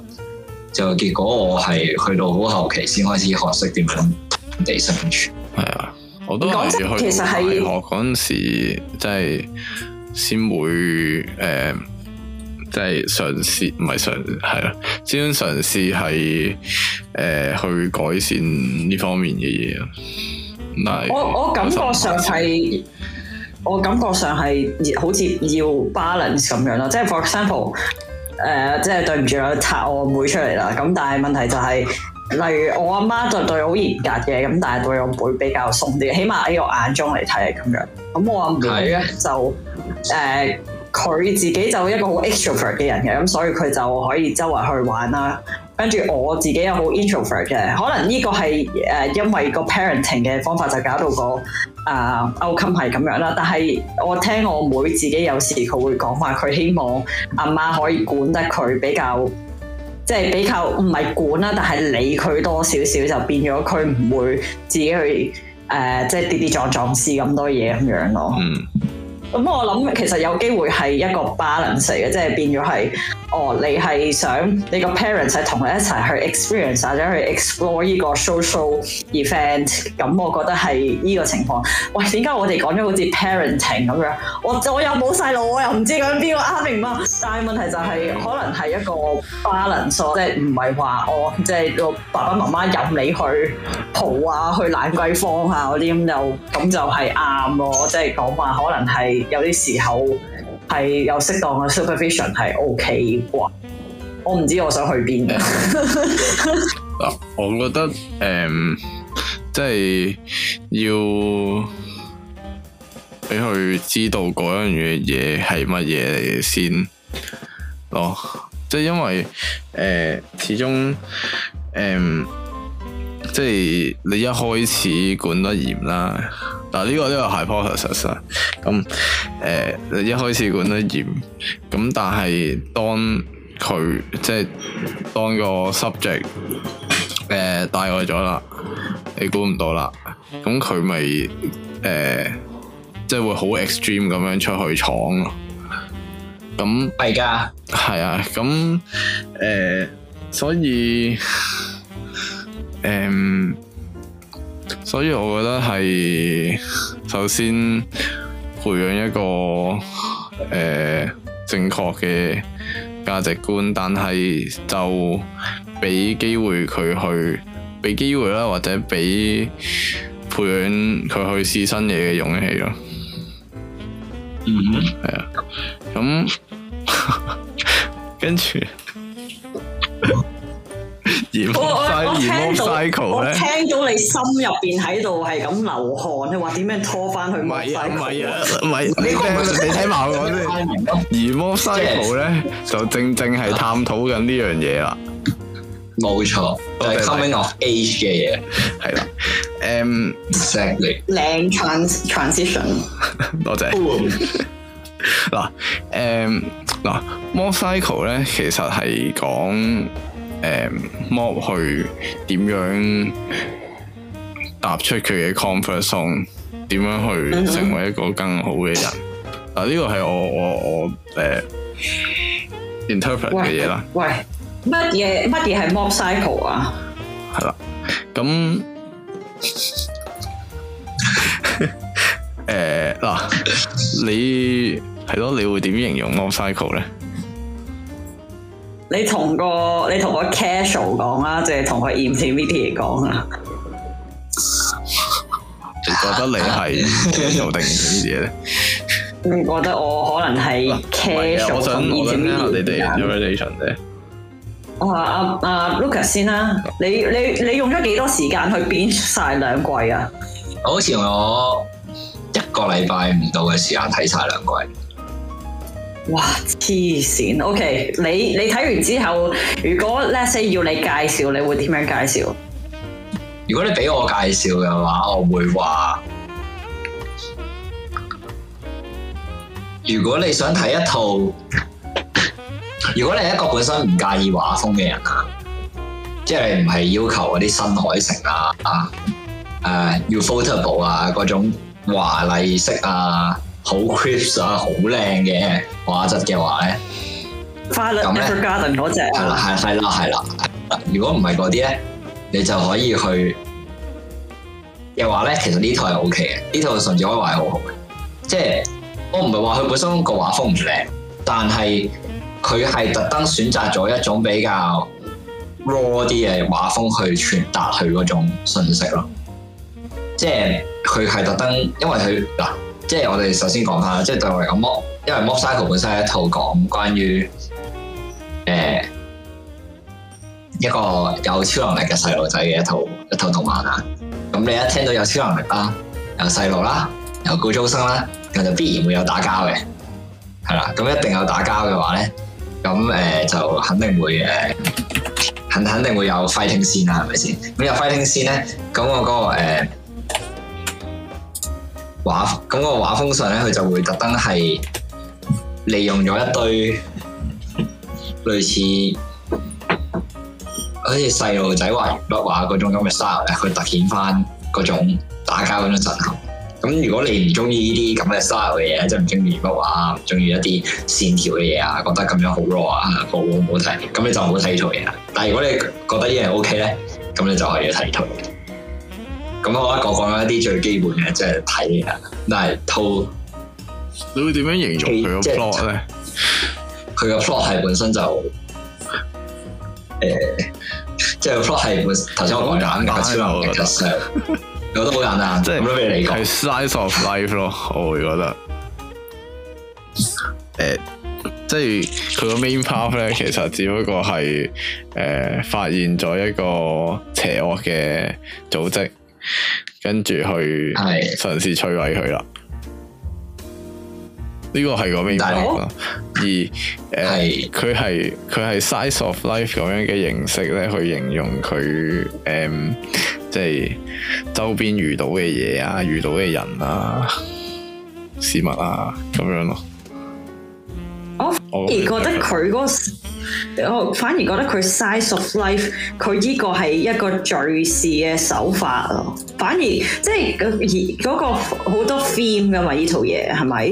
就結果我係去到好後期先開始學識點樣同人哋相處。係啊，我都講真，其實係學嗰陣時，即係先會誒。即係嘗試，唔係嘗係咯，先嘗試係誒去改善呢方面嘅嘢啊！我我感覺上係，我感覺上係好似要 balance 咁樣啦，即係 for example，誒、呃，即係對唔住啦，拆我阿妹，妹出嚟啦。咁但係問題就係、是，例如我阿媽就對我好嚴格嘅，咁但係對我妹，妹比較鬆啲，起碼喺我眼中嚟睇係咁樣。咁我阿妹，妹就誒。的佢自己就一個好 extrovert 嘅人嘅，咁所以佢就可以周圍去玩啦。跟住我自己又好 introvert 嘅，可能呢個係誒、呃、因為個 parenting 嘅方法就搞到、個啊 outcome 係咁樣啦。但係我聽我妹自己有時佢會講話，佢希望阿媽,媽可以管得佢比較，即、就、係、是、比較唔係管啦，但係理佢多少少就變咗佢唔會自己去誒，即、呃、係、就是、跌跌撞撞試咁多嘢咁樣咯。嗯。咁、嗯、我諗其實有機會係一個 balance 嚟嘅，即係變咗係。哦，你係想你個 parents 係同你一齊去 experience 或者去 explore 呢個 social event，咁、嗯、我覺得係呢個情況。喂，點解我哋講咗好似 parenting 咁樣？我我又冇細路，我又唔知講邊個啱、啊，明嗎？但係問題就係、是、可能係一個 balance、哦、即係唔係話我即係個爸爸媽媽任你去蒲啊，去蘭桂坊啊嗰啲咁就咁就係啱咯。即係講話可能係有啲時候。係有適當嘅 supervision 係 OK 啩？我唔知我想去邊？嗱、 [LAUGHS] 嗯，我覺得誒、嗯，即係要俾佢知道嗰樣嘢嘢係乜嘢嚟先。哦、嗯，即係因為誒、嗯，始終誒、嗯，即係你一開始管得嚴啦。嗱呢、這個呢、這個係 hypothesis 啦，咁、呃、誒一開始管得嚴，咁但係當佢即係當個 subject 誒、呃、大愛咗啦，你估唔到啦，咁佢咪誒即係會好 extreme 咁樣出去闖咯，咁係㗎，係的啊，咁誒、呃、所以嗯。 [LAUGHS] 呃所以我覺得係首先培養一個誒、呃、正確嘅價值觀，但係就俾機會佢去俾機會啦，或者俾培養佢去試新嘢嘅勇氣咯。嗯、mm，係、hmm. 啊，咁 [LAUGHS] 跟住着。 [LAUGHS] 而魔》《移魔》cycle 咧，聽到你心入邊喺度係咁流汗，你話點樣拖翻去？唔係唔係啊，唔係。呢個你聽埋我講先。《移魔》cycle 咧，就正正係探討緊呢樣嘢啦。冇錯，係、就是《Coming of Age》嘅嘢，係啦。誒、嗯、sagely 靚 trans，transition 多謝、mm。嗱、hmm.，誒、嗯，嗱，《魔 cycle》咧，其實係講。誒、um，Mob 去點樣踏出佢嘅 comfort zone？點樣去成為一個更好嘅人？嗱、mm，呢個係我我我誒、uh, interpret 嘅嘢啦喂。喂，乜嘢乜嘢係 Mob Psycho 啊？係啦，咁誒嗱，你係咯，你會點形容 Mob Psycho 咧？你同個你同個 casual 講啦，即係同個 MTV 嚟講啊？ [LAUGHS] 你覺得你係 casual 定 interpretive 咧？ [LAUGHS] 你覺得我可能係 casual？啊、我想我想問你哋 r 我話阿阿 Lukas 先啦，你你你用咗幾多時間去編晒兩季啊？好似我一個禮拜唔到嘅時間睇晒兩季。哇！黐線，OK，你你睇完之後，如果 Let's say 要你介紹，你會點樣介紹？如果你俾我介紹嘅話，我會話：如果你想睇一套， [LAUGHS] 如果你係一個本身唔介意畫風嘅人啊，即係你唔係要求嗰啲新海誠啊、誒、啊、要 footable 啊嗰種華麗色啊。好 crisp 啊，好靚嘅畫質嘅話咧，花園、後花園嗰隻係啦，係啦，係啦，如果唔係嗰啲咧，你就可以去嘅話咧，其實呢套係 O K 嘅，呢套甚至可以話係好好嘅。即係我唔係話佢本身個畫風唔靚，但係佢係特登選擇咗一種比較 raw 啲嘅畫風去傳達佢嗰種信息咯，即係佢係特登，因為佢嗱。即係我哋首先講下，即係對我嚟講，Mob，因為《Mob Psycho》本身係一套講關於誒、呃、一個有超能力嘅細路仔嘅一套一套動漫啊。咁你一聽到有超能力啦，有細路啦，有高中生啦，就必然會有打交嘅，係啦。咁一定有打交嘅話咧，咁誒、呃、就肯定會誒，肯、呃、肯定會有 fighting 線啦，係咪先？咁有 fighting 線咧，咁我嗰個誒。畫咁、嗰個畫風上咧，佢就會特登係利用咗一堆類似好似細路仔畫鉛筆畫嗰種咁嘅 style，去突顯翻嗰種打交嗰種震撼。咁如果你唔中意呢啲咁嘅 style 嘅嘢，即係唔中意鉛筆畫，唔中意一啲線條嘅嘢啊，覺得咁樣好 low 啊，冇好唔好睇，咁你就唔好睇嘢啦。但係如果你覺得、OK、呢樣 OK 咧，咁你就係要睇圖。咁我，覺得我講一講講一啲最基本嘅，即係睇人，但嗱，套，你會點樣形容佢個 plot 咧？佢個 plot 係本身就，誒、欸，即、就、係、是、plot 係本頭先、嗯、我講緊嘅超人我覺得好 [LAUGHS] 簡單， [LAUGHS] 即係係 slice of life 咯，我會覺得，誒、 [LAUGHS] 欸，即係佢個 main part 咧，其實只不過係誒、呃、發現咗一個邪惡嘅組織。跟住去嘗試摧毀佢啦，呢 [MUSIC] 個係個咩？ [MUSIC] 而誒，佢係佢係 slice of life 咁樣嘅形式咧，去形容佢、um, 即係周邊遇到嘅嘢啊，遇到嘅人啊，事物啊，咁樣咯。 [MUSIC] 我反而覺得佢嗰、嗰個。我、oh, 反而覺得佢 size of life，佢呢個係一個敘事嘅手法咯。反而即係嗰、嗰個好、嗰個、多 theme 噶嘛，呢套嘢係咪？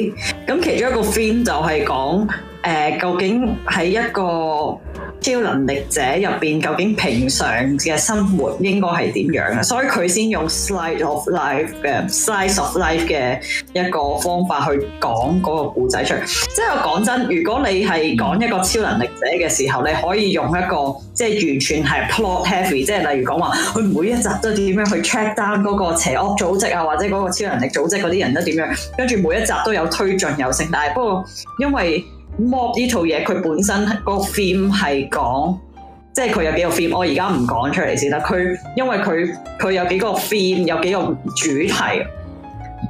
咁其中一個 theme 就係講誒，究竟喺一個超能力者入面究竟平常嘅生活應該係點樣啊？所以佢先用 slice of life 嘅 slice of life 嘅一個方法去講嗰個故仔出嚟。即係我講真，如果你係講一個超能力者嘅時候，你可以用一個即係完全係 plot heavy，即係例如講話佢每一集都點樣去 track down 嗰個邪惡組織啊，或者嗰個超能力組織嗰啲人都點樣，跟住每一集都有推進有升，但係不過因為。Mob 呢、嗯、套嘢，佢本身、那個 theme 係講，即係佢有幾個 theme 我而家唔講出嚟先得。佢因為佢佢有幾個 theme 有幾個主題，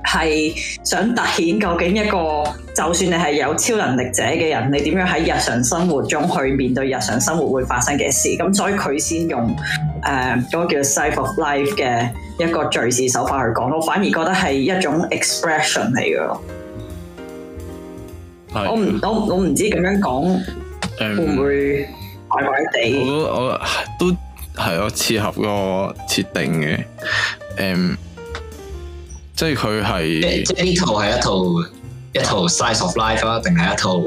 係想凸顯究竟一個，就算你係有超能力者嘅人，你點樣喺日常生活中去面對日常生活會發生嘅事。咁所以佢先用誒嗰、呃那個叫《Slice of Life》嘅一個敘事手法去講，我反而覺得係一種 expression 嚟嘅咯。但我唔我我唔知咁樣講，um, 會唔會怪怪地？我都係我切合個設定嘅。誒、um, 即係佢係即係呢套係一套一套一套《Size of Life》啊，定係一套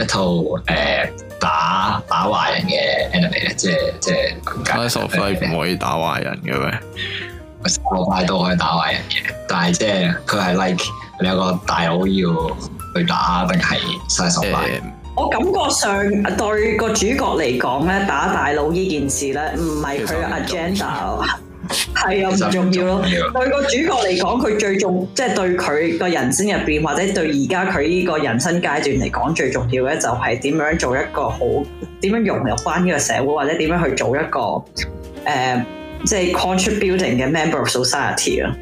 一套誒打打壞人嘅 enemy 咧？即係即係 Size of Life 唔，嗯、可以打壞人嘅咩？Size of Life 都可以打壞人嘅，但係即係佢係 like 你有個大佬要。去打定係伸手買。嗯、我感覺上對個主角嚟講咧，打大佬呢件事咧，唔係佢嘅 agenda 咯，係啊唔重要咯。要對個主角嚟講，佢最重即係、就是、對佢個人生入邊，或者對而家佢呢個人生階段嚟講，最重要咧就係點樣做一個好，點樣融入翻呢個社會，或者點樣去做一個誒，即、呃、係、就是、contributing 嘅 member of society 咯。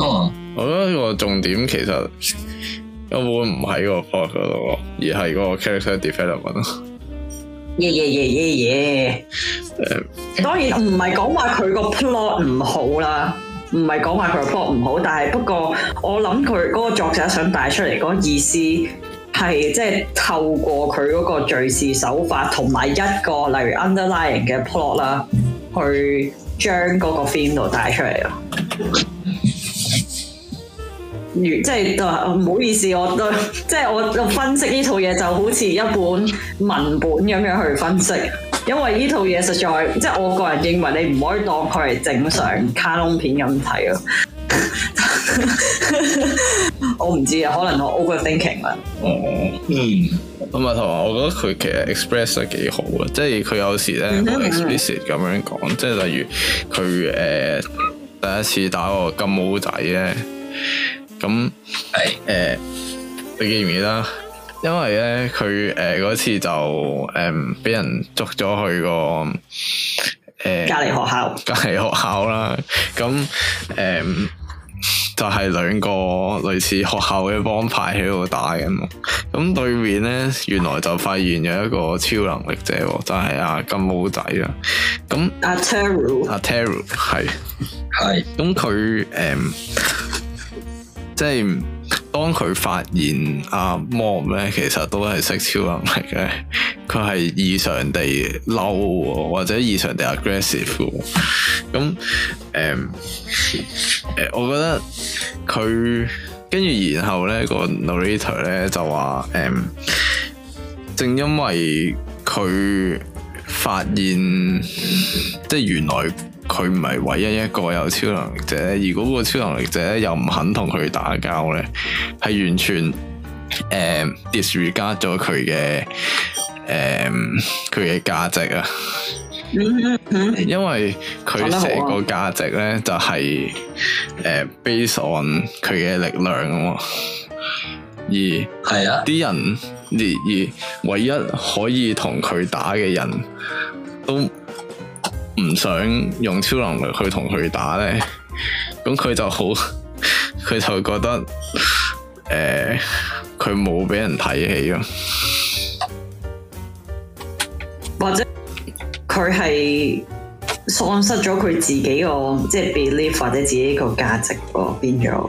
嗯、哦。我覺得呢個重點其實根本唔喺個 plot 嗰度咯，而係嗰個 character development 咯。耶耶耶耶耶！當然唔係講話佢個 plot 唔好啦，唔係講話佢個 plot 唔好，但係不過我諗佢嗰個作者想帶出嚟嗰意思，係即係透過佢嗰個敍事手法同埋一個例如 underlying 嘅 plot 啦，去將嗰個 film 度帶出嚟啊！即係唔好意思，我都即係我分析呢套嘢，就好似一本文本咁樣去分析，因為呢套嘢實在即係我個人認為你唔可以當佢係正常卡通片咁睇咯。 [LAUGHS] 我唔知啊，可能我 overthinking 啦。哦，嗯，同埋同埋，我覺得佢其實 express 係幾好啊，即係佢有時咧 e x p l i c i 咁樣講， [LAUGHS] 即係例如佢誒、呃、第一次打個金毛仔咧。咁誒、呃，你記唔記得？因為咧，佢誒嗰次就誒俾、呃、人捉咗去個誒、呃、隔離學校，隔離學校啦。咁誒、呃、就係、是、兩個類似學校嘅幫派喺度打緊。咁對面咧，原來就發現有一個超能力者、呃，就係、是、阿金毛仔啦。咁阿 Teru，阿 Teru 係係。咁佢誒。是即係當佢發現阿、啊、Mob 咧，其實都係識超能力嘅，佢係異常地嬲，或者異常地 aggressive。咁， [LAUGHS] 誒、嗯，誒、嗯，我覺得佢跟住然後咧、那個 Narrator 咧就話，誒、嗯，正因為佢發現，即係原來。佢唔係唯一一個有超能力者，而嗰個超能力者又唔肯同佢打交，呢係完全誒 disregard 咗佢嘅誒佢嘅價值啊！因為佢成個價值呢、就係，就、呃、係 based on 佢嘅力量啊嘛，而係啊啲人而而唯一可以同佢打嘅人都。唔想用超能力去同佢打咧，咁佢就好，佢就覺得，誒、呃，佢冇俾人睇起啊，或者佢係喪失咗佢自己個，即係 belief 或者自己個價值個，變咗。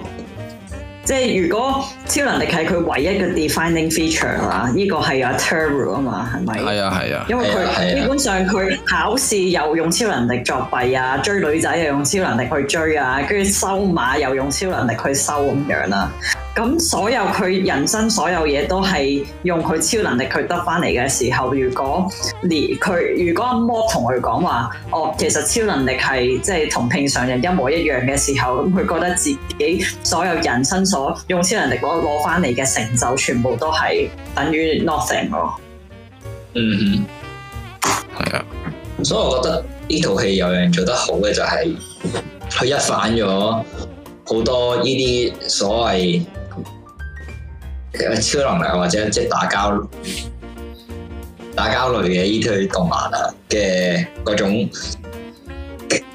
即係如果超能力係佢唯一嘅 defining feature 啦，呢個係阿 Teru 啊嘛，係咪？係啊係啊，啊因為佢、啊啊、基本上佢考試又用超能力作弊啊，追女仔又用超能力去追啊，跟住收馬又用超能力去收咁樣啦。咁所有佢人生所有嘢都係用佢超能力去得翻嚟嘅時候，如果連佢如果阿魔同佢講話，哦，其實超能力係即係同平常人一模一樣嘅時候，咁佢覺得自己所有人生所用超能力攞攞翻嚟嘅成就，全部都係等於 nothing 咯。嗯、mm，嗯，係啊，所以我覺得呢套戲有人做得好嘅就係佢一反咗好多呢啲所謂。超能力或者即係打交，打交類嘅呢啲動漫啊嘅嗰種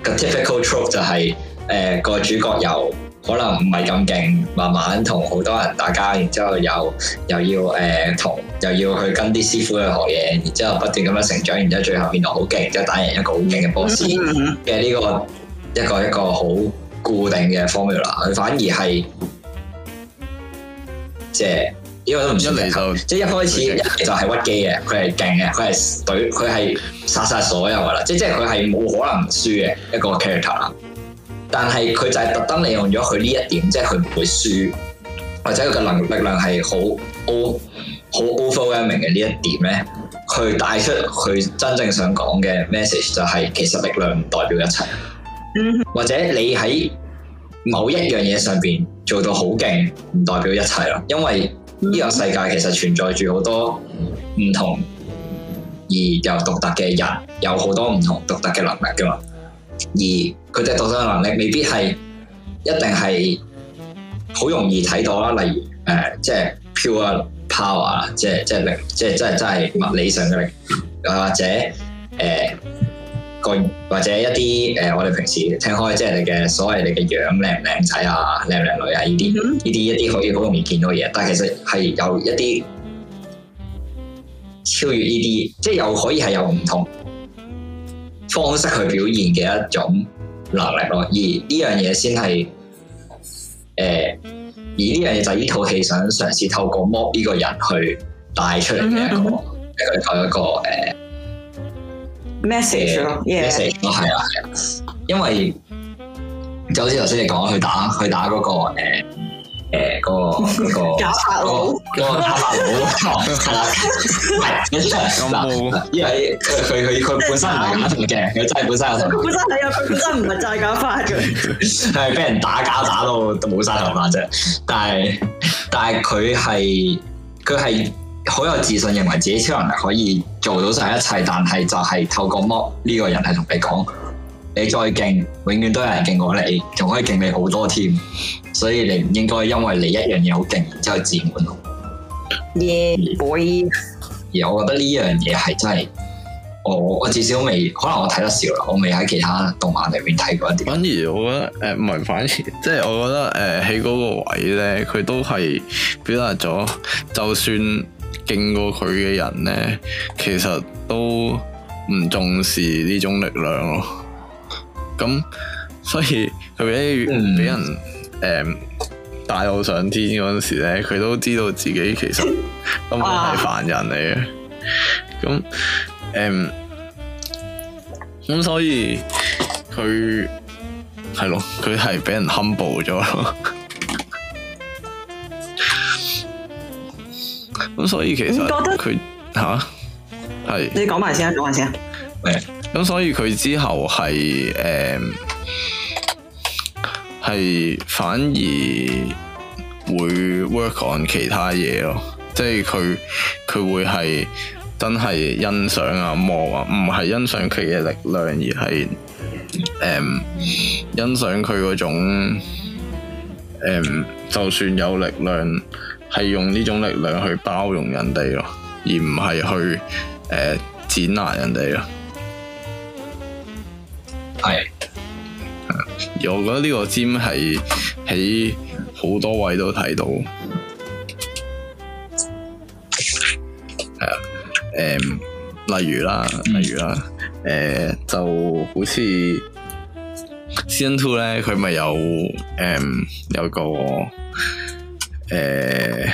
個 typical trope 就係誒個主角又可能唔係咁勁，慢慢同好多人打交，然之後又又要誒、呃、同又要去跟啲師傅去學嘢，然之後不斷咁樣成長，然之後最後變到好勁，即係打贏一個好勁嘅 boss 嘅呢個一個一個好固定嘅 formula，佢反而係。 [MUSIC] 即係，呢個都唔算離譜。即係一開始 Okay. 就係屈機嘅，佢係勁嘅，佢係懟，佢係殺殺所有噶啦。即係即係佢係冇可能輸嘅一個 character。但係佢就係特登利用咗佢呢一點，即係佢唔會輸，或者佢嘅能力力量係好 o 好 overwhelming 嘅呢一點咧，去帶出佢真正想講嘅 message 就係，其實力量唔代表一切。或者你喺。某一樣嘢上邊做到好勁，唔代表一切咯。因為呢個世界其實存在住好多唔同而又獨特嘅人，有好多唔同獨特嘅能力㗎嘛。而佢哋獨特嘅能力未必係一定係好容易睇到啦。例如誒、呃，即係 pure power，即係即係力，即係即係即係物理上嘅力，或者誒。呃個或者一啲誒、呃，我哋平時聽開即係你嘅所謂你嘅樣靚唔靚仔啊，靚唔靚女啊，呢啲呢啲一啲可以好容易見到嘅嘢，但係其實係有一啲超越呢啲，即係又可以係有唔同方式去表現嘅一種能力咯。而呢樣嘢先係誒，而呢樣嘢就係呢套戲想嘗試透過剝呢個人去帶出嚟嘅一個、嗯、哼哼一個一個、呃 message 咯，message 咯，係啊，係啊，因為就好似頭先你講，去打去打嗰個誒誒嗰個嗰個假髮佬，嗰個假髮佬，係啦，唔係，咁冇，因為佢佢佢本身唔係假髮嘅，佢真係本身，有同本身係啊，佢本身唔係就係假髮嘅，係俾人打交打到冇晒頭髮啫，但係但係佢係佢係。好有自信，認為自己超能力可以做到晒一切，但係就係透過 Mob 呢個人係同你講，你再勁，永遠都有人勁過你，仲可以勁你好多添，所以你唔應該因為你一樣嘢好勁，然之後自滿。耶，boy！而我覺得呢樣嘢係真係，我我至少未，可能我睇得少啦，我未喺其他動漫裏面睇過一啲。反而我覺得，誒、呃，唔係，反而即係我覺得，誒、呃，喺嗰個位咧，佢都係表達咗，就算。勁過佢嘅人呢，其實都唔重視呢種力量咯。咁 [LAUGHS] 所以佢喺俾人誒、um, 帶我上天嗰陣時咧，佢都知道自己其實都根本係凡人嚟嘅。咁 [LAUGHS] 誒，咁、um, 所以佢係咯，佢係俾人 humble 咗。 [LAUGHS] 咁所以其實佢吓係你講埋先啊，講埋先咁、啊、所以佢之後係誒係反而會 work on 其他嘢咯，即係佢佢會係真係欣賞啊 Mob 啊，唔係欣賞佢嘅力量，而係誒、呃、欣賞佢嗰種誒、呃、就算有力量。係用呢種力量去包容人哋咯，而唔係去誒鎮壓人哋咯。係， [NOISE] 而我覺得呢個尖係喺好多位都睇到。係啊，誒，例如啦， [NOISE] 例如啦，誒、呃，就好似 C N Two 咧，佢咪有誒、嗯、有個。誒，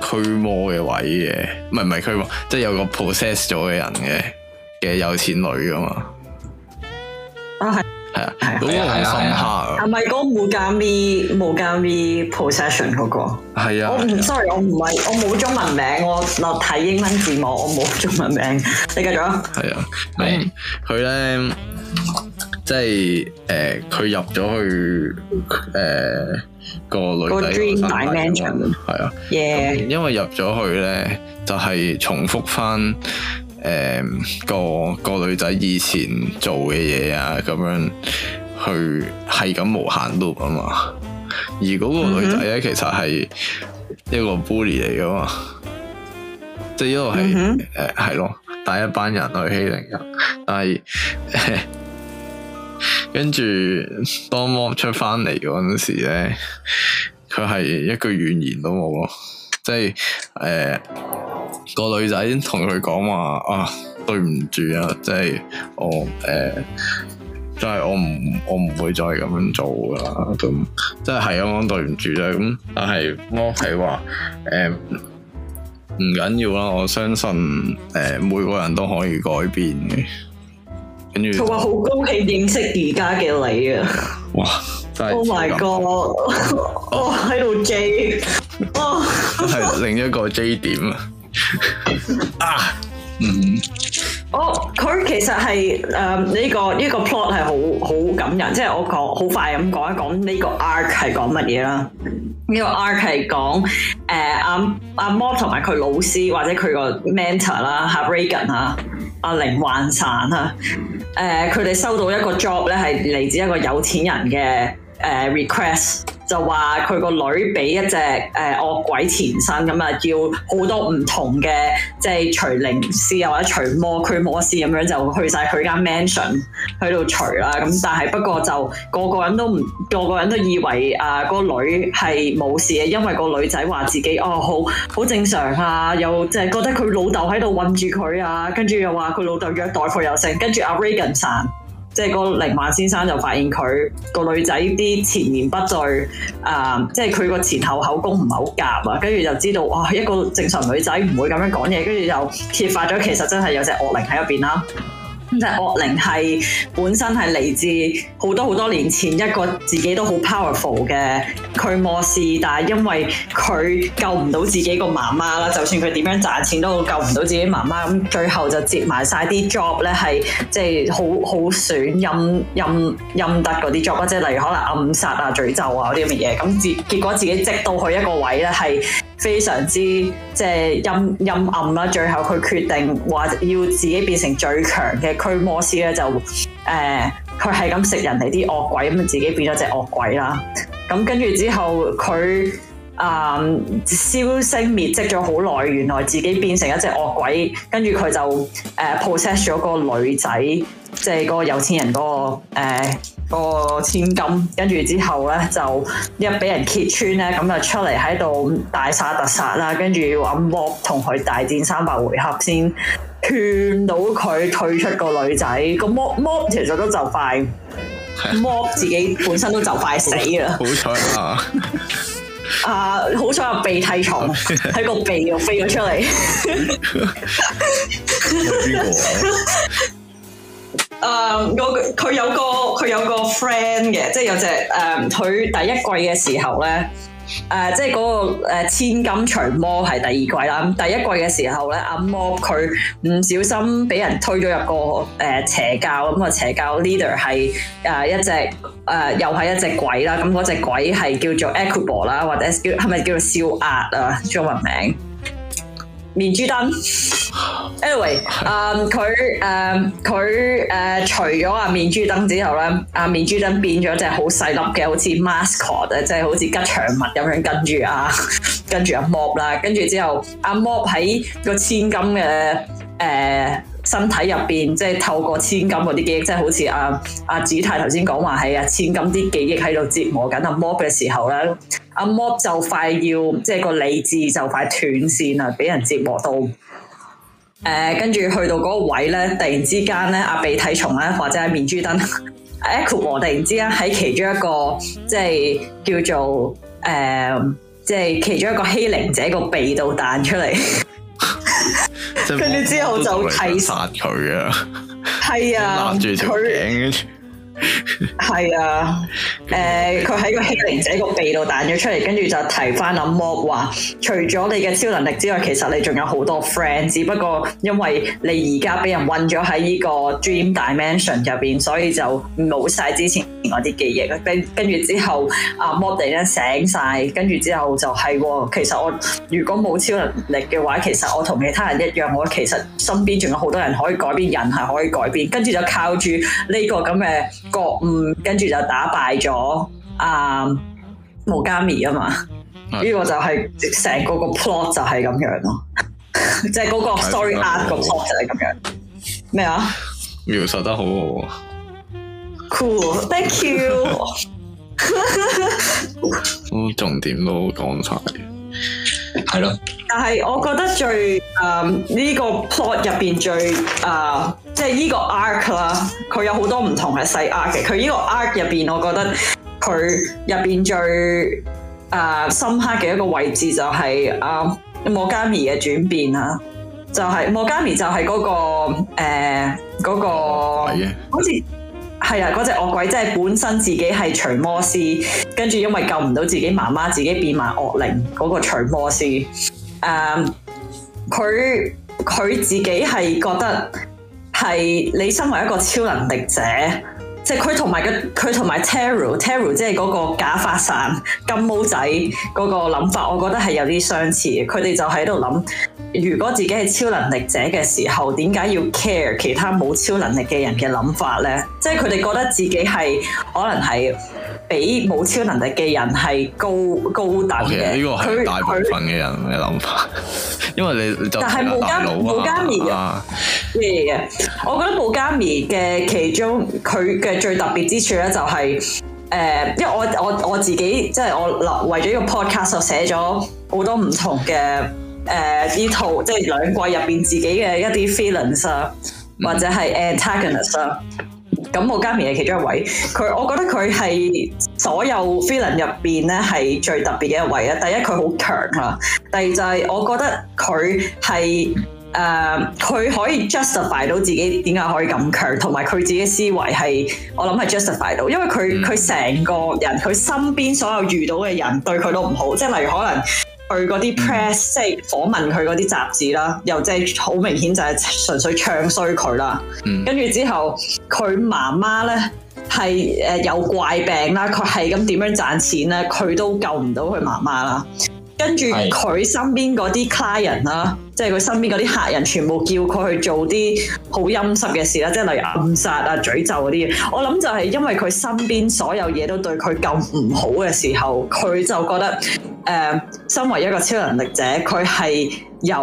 驅、呃、魔嘅位嘅，唔係唔係驅魔，即係有個 possess 咗嘅人嘅嘅有錢女噶嘛。啊係係係，嗰個係神蝦。係咪嗰個 Mogami Mogami possession 嗰個？係啊，我唔 sorry，我唔係，我冇中文名，我睇英文字幕，我冇中文名。 [LAUGHS] 你繼續。係啊，佢、嗯、咧。嗯即係誒，佢、呃、入咗去誒、呃、個女仔嘅身體係 D 樣啊、嗯，因為入咗去咧，就係、係、重複翻誒、呃、個個女仔以前做嘅嘢啊，咁樣去係咁無限 loop 啊嘛。而嗰個女仔咧，mm hmm. 其實係一個 bully 嚟噶嘛，即係一路係誒係咯，帶一班人去欺凌人，但係。呃跟住當摸出翻嚟嗰陣時咧，佢係一句怨言都冇咯，即係誒個女仔同佢講話啊，對唔住啊，即係我誒，即係我唔我唔會再咁樣做噶啦，都即係係咁樣對唔住啫，咁但係摸係話誒唔緊要啦，我相信誒、呃、每個人都可以改變嘅。佢話好高興認識而家嘅你啊！哇真係！Oh my god！我喺度 J 哦！係另一個 J 點 [LAUGHS] 啊！啊嗯，我佢其實係誒呢個呢個 plot 係好好感人，即係我講好快咁講一講呢個 arc 係講乜嘢啦？呢、這個 arc 係講誒阿阿 Mob 同埋佢老師或者佢個 mentor 啦、啊，吓 Regan a、啊、吓。阿靈、啊、幻散啊！誒、呃，佢哋收到一個 job 咧，係嚟自一個有錢人嘅誒、呃、request。就話佢個女俾一隻誒、呃、惡鬼纏身咁啊，叫好多唔同嘅即係除靈師又或者除魔驅魔師咁樣就去晒佢間 mansion 喺度除啦。咁但係不過就個個人都唔個個人都以為啊、呃、個女係冇事嘅，因為個女仔話自己哦好好正常啊，又即係覺得佢老豆喺度韞住佢啊，跟住又話佢老豆虐待佢又成，跟住阿 Regan 散。即係個靈幻先生就發現佢個女仔啲前言不對，啊、呃！即係佢個前後口供唔係好夾啊，跟住就知道哇一個正常女仔唔會咁樣講嘢，跟住就揭發咗其實真係有隻惡靈喺入邊啦。咁、嗯、就惡靈係本身係嚟自好多好多年前一個自己都好 powerful 嘅驅魔師，但係因為佢救唔到自己個媽媽啦，就算佢點樣賺錢都救唔到自己媽媽。咁最後就接埋晒啲 job 咧，係即係好好損陰陰陰德嗰啲 job，即係例如可能暗殺啊、詛咒啊嗰啲咁嘅嘢。咁結、啊嗯、結果自己積到去一個位咧，係。非常之即係陰陰暗啦，最後佢決定話要自己變成最強嘅驅魔師咧，就誒佢係咁食人哋啲惡鬼咁，自己變咗隻惡鬼啦。咁跟住之後佢啊、呃、消聲滅跡咗好耐，原來自己變成一隻惡鬼，跟住佢就誒 possess 咗個女仔。即係個有錢人、那個誒、欸那個千金，跟住之後咧就一俾人揭穿咧，咁就出嚟喺度大殺特殺啦，跟住要 Mob 同佢大戰三百回合先勸到佢退出個女仔。個 Mob Mob 其實都就快 Mob [LAUGHS] 自己本身都就快死啦。 [LAUGHS] [LAUGHS] [LAUGHS] uh, 好彩 [LAUGHS] [LAUGHS] 啊！啊，好彩有鼻涕蟲喺個鼻度飛咗出嚟。邊個？誒，我佢、um, 有個佢有個 friend 嘅，即係有隻誒，佢、um, 第一季嘅時候咧，誒、呃，即係嗰個千金除魔係第二季啦。咁第一季嘅時候咧，阿魔佢唔小心俾人推咗入個誒、呃、邪教咁啊、嗯，邪教 leader 係誒、呃、一隻誒、呃、又係一隻鬼啦。咁嗰隻鬼係叫做 equable 啦，或者係咪叫，叫做燒鴨啊？中文名。面珠燈，anyway，啊佢誒佢誒除咗啊面珠燈之後咧，啊面珠燈變咗隻好細粒嘅，好似 mascot 啊，即係好似吉祥物咁樣，跟住啊，跟住阿、啊、mob 啦，跟住之後阿、啊、mob 喺個千金嘅誒。呃身體入邊即係透過千金嗰啲記憶，即係好似阿阿紫太頭先講話係啊，啊，千金啲記憶喺度折磨緊阿、啊、Mob 嘅時候咧，阿、啊、Mob 就快要即係個理智就快斷線啦，俾人折磨到誒，跟、呃、住去到嗰個位咧，突然之間咧、啊，阿鼻涕蟲咧或者面珠燈、啊、echo 和突然之間喺其中一個即係叫做誒，即、呃、係、就是、其中一個欺凌者個鼻度彈出嚟。跟住之後就提殺佢啊， [LAUGHS] 啊！係啊 [LAUGHS] 他，攔住條頸跟住。係 [LAUGHS] 啊，誒、欸，佢喺個欺凌者個鼻度彈咗出嚟，跟住就提翻阿莫話除咗你嘅超能力之外，其實你仲有好多 friend，只不過因為你而家俾人困咗喺呢個 dream dimension 入邊，所以就冇晒之前嗰啲記憶。跟跟住之後，阿莫突然醒晒，跟住之後就係、是，其實我如果冇超能力嘅話，其實我同其他人一樣，我其實身邊仲有好多人可以改變，人係可以改變，跟住就靠住呢個咁嘅。覺悟，跟住就打敗咗啊，毛加咪啊嘛，呢個就係成個個 plot 就係咁樣咯，即係嗰個 story arc 個 plot 就係咁樣。咩啊？描述得好好，cool，thank you。我重點都講晒。係咯，但係我覺得最誒呢、呃呢個 plot 入邊最誒即係呢個 arc 啦，佢有好多唔同嘅細 arc 嘅，佢呢個 arc 入邊，我覺得佢入邊最誒、呃、深刻嘅一個位置就係、是呃、啊莫嘉咪嘅轉變啦，就係莫嘉咪就係嗰、嗰個誒嗰、呃嗰個的好似。係啦，嗰隻惡鬼，即係本身自己係除魔師，跟住因為救唔到自己媽媽，自己變埋惡靈嗰個除魔師。誒，um，佢佢自己係覺得係你身為一個超能力者，即係佢同埋嘅佢同埋 Teru Teru 即係嗰個假髮散金毛仔嗰個諗法，我覺得係有啲相似嘅。佢哋就喺度諗，如果自己係超能力者嘅時候，點解要 care 其他冇超能力嘅人嘅諗法咧？即係佢哋覺得自己係可能係比冇超能力嘅人係高高等嘅。呢個係大部分嘅人嘅諗法。他 [LAUGHS] 因為你你就係大佬啊嘛，係啊，我覺得《冇加迷》嘅其中佢嘅最特別之處咧、就是，就係誒，因為我我我自己即係我留為咗呢個 podcast，我寫咗好多唔同嘅誒呢套，即係兩季入邊自己嘅一啲 feelings 啊，嗯、或者係誒 t a g k i n e s s 啊。咁我加冕係其中一位，佢我覺得佢係所有 villain 入邊咧係最特別嘅一位啊！第一佢好強啊，第二就係我覺得佢係誒佢可以 justify 到自己點解可以咁強，同埋佢自己嘅思維係我諗係 justify 到，因為佢佢成個人佢身邊所有遇到嘅人對佢都唔好，即係例如可能。去嗰啲 press 即係訪問佢嗰啲雜誌啦，又即係好明顯就係純粹唱衰佢啦。嗯、跟住之後，佢媽媽咧係誒有怪病啦，佢係咁點樣賺錢咧，佢都救唔到佢媽媽啦。跟住佢身邊嗰啲 client 啦、啊，即係佢身邊嗰啲客人，全部叫佢去做啲好陰濕嘅事啦、啊，即係例如暗殺啊、詛咒嗰啲嘢。我諗就係因為佢身邊所有嘢都對佢咁唔好嘅時候，佢就覺得，誒、呃，身為一個超能力者，佢係有，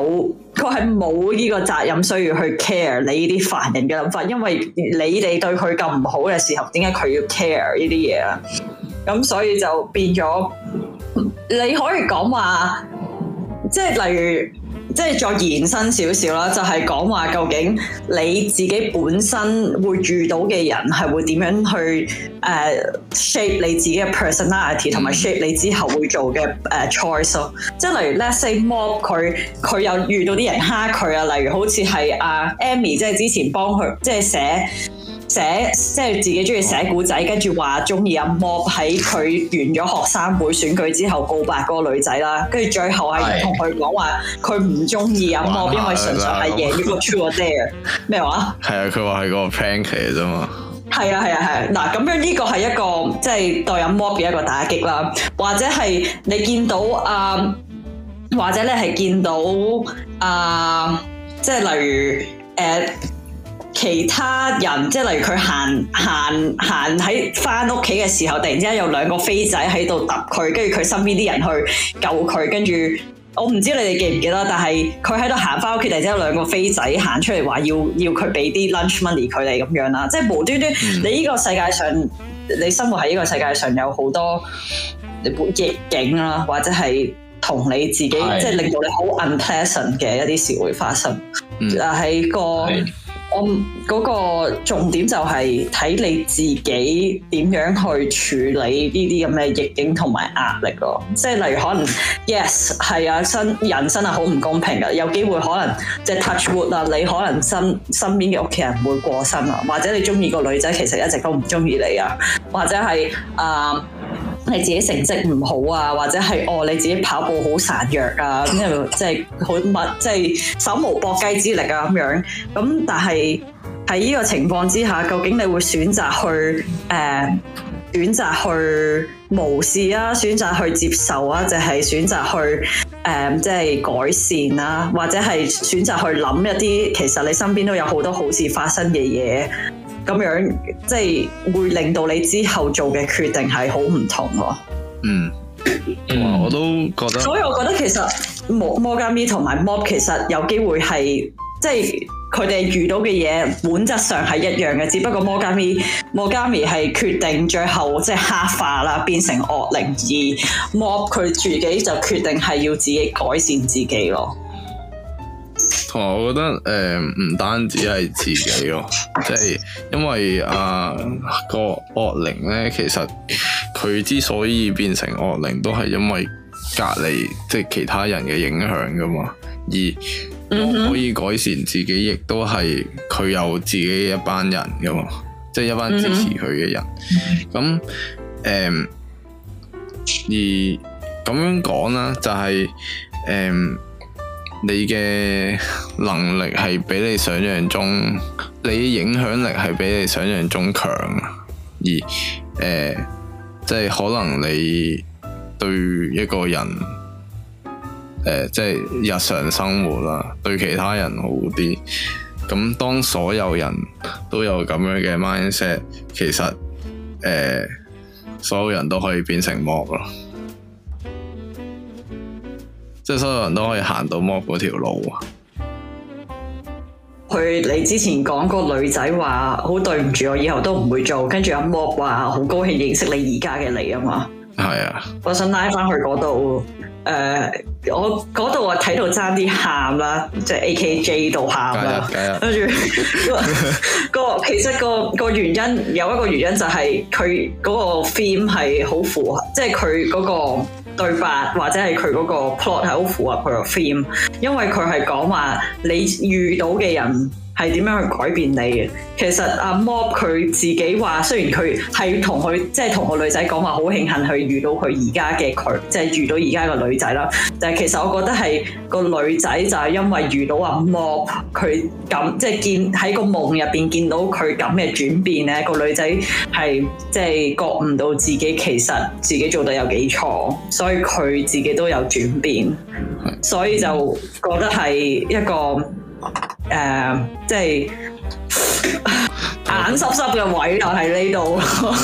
佢係冇呢個責任需要去 care 你呢啲凡人嘅諗法，因為你哋對佢咁唔好嘅時候，點解佢要 care 呢啲嘢啊？咁所以就變咗。你可以講話，即係例如，即係再延伸少少啦，就係、是、講話究竟你自己本身會遇到嘅人係會點樣去誒、uh, shape 你自己嘅 personality，同埋 shape 你之後會做嘅誒、uh, choice 囉。即係例如，let's say Mob 佢，佢有遇到啲人蝦佢啊，例如好似係阿 Amy，即係之前幫佢即係寫。寫即係自己中意寫古仔，跟住話中意阿 mob 喺佢完咗學生會選舉之後告白嗰個女仔啦，跟住最後係同佢講話佢唔中意阿 mob，因為純粹係贏咗個 truth or dare 咩話？係 [LAUGHS] 啊，佢話係個 pancake 啫嘛。係啊係啊係，嗱咁、啊啊、樣呢個係一個即係對阿 mob 嘅一個打擊啦，或者係你見到啊、呃，或者你係見到啊、呃，即係例如誒。呃其他人即係例如佢行行行喺翻屋企嘅時候，突然之間有兩個飛仔喺度揼佢，跟住佢身邊啲人去救佢，跟住我唔知你哋記唔記得，但係佢喺度行翻屋企，突然之間有兩個飛仔行出嚟，話要要佢俾啲 lunch money 佢哋咁樣啦，即係無端端、嗯、你呢個世界上，你生活喺呢個世界上有好多逆境啦，或者係同你自己是的 即係令到你好 unpleasant 嘅一啲事會發生，啊喺是的、嗯、個。我嗰、um, 個重點就係、是、睇你自己點樣去處理呢啲咁嘅逆境同埋壓力咯，即係例如可能 Yes 係啊，生人生係好唔公平㗎，有機會可能即係 touch wood 啦，你可能身身邊嘅屋企人會過身啊，或者你中意個女仔其實一直都唔中意你啊，或者係啊。Um, 你自己成績唔好啊，或者係哦你自己跑步好孱弱啊，咁即係好物即係手無縛雞之力啊咁樣。咁但係喺呢個情況之下，究竟你會選擇去誒、呃、選擇去無視啊，選擇去接受啊，定係選擇去誒即係改善啊，或者係選擇去諗一啲其實你身邊都有好多好事發生嘅嘢。咁樣即係會令到你之後做嘅決定係好唔同咯。嗯，因為，我都覺得。 [LAUGHS] 所以我覺得其實魔魔加咪同埋 mob 其實有機會係，即係佢哋遇到嘅嘢本質上係一樣嘅，只不過魔加咪魔加咪係決定最後即係黑化啦，變成惡靈，而 mob 佢自己就決定係要自己改善自己咯。同埋，我覺得誒唔、呃、單止係自己咯，即係因為啊個惡靈咧，其實佢之所以變成惡靈，都係因為隔離即係其他人嘅影響噶嘛，而可以改善自己，亦都係佢有自己一班人噶嘛，即係一班支持佢嘅人。咁誒、mm hmm. 呃，而咁樣講啦，就係、是、誒。呃你嘅能力係比你想象中，你影響力係比你想象中強，而、呃、即係可能你對一個人，呃、即係日常生活啦，對其他人好啲。咁當所有人都有咁樣嘅 mindset，其實、呃、所有人都可以變成 Mob 咯。即係所有人都可以行到 Mob 嗰條路啊！佢你之前講、嗰個女仔話好對唔住我，以後都唔會做。跟住阿 Mob 話好高興認識你而家嘅你啊嘛。係啊，我想拉翻去嗰度。誒、呃，我嗰度啊，睇到差啲喊啦，即係 AKJ 度喊啦。跟住個其實、嗰個、嗰個原因，有一個原因就係佢嗰個 theme 係好符合，即係佢嗰個。對白或者係佢嗰個 plot 係好符合佢個 theme，因為佢係講話你遇到嘅人。係點樣去改變你嘅？其實阿 mob 佢自己話，雖然佢係同佢即係同個女仔講話，好慶幸去遇到佢而家嘅佢，即係遇到而家個女仔啦。但係其實我覺得係個女仔就係因為遇到阿 mob 佢咁，即係見喺個夢入邊見到佢咁嘅轉變咧，個女仔係即係覺唔到自己其實自己做得有幾錯，所以佢自己都有轉變，所以就覺得係一個。誒，uh, 即係 [LAUGHS] 眼濕濕嘅位又喺呢度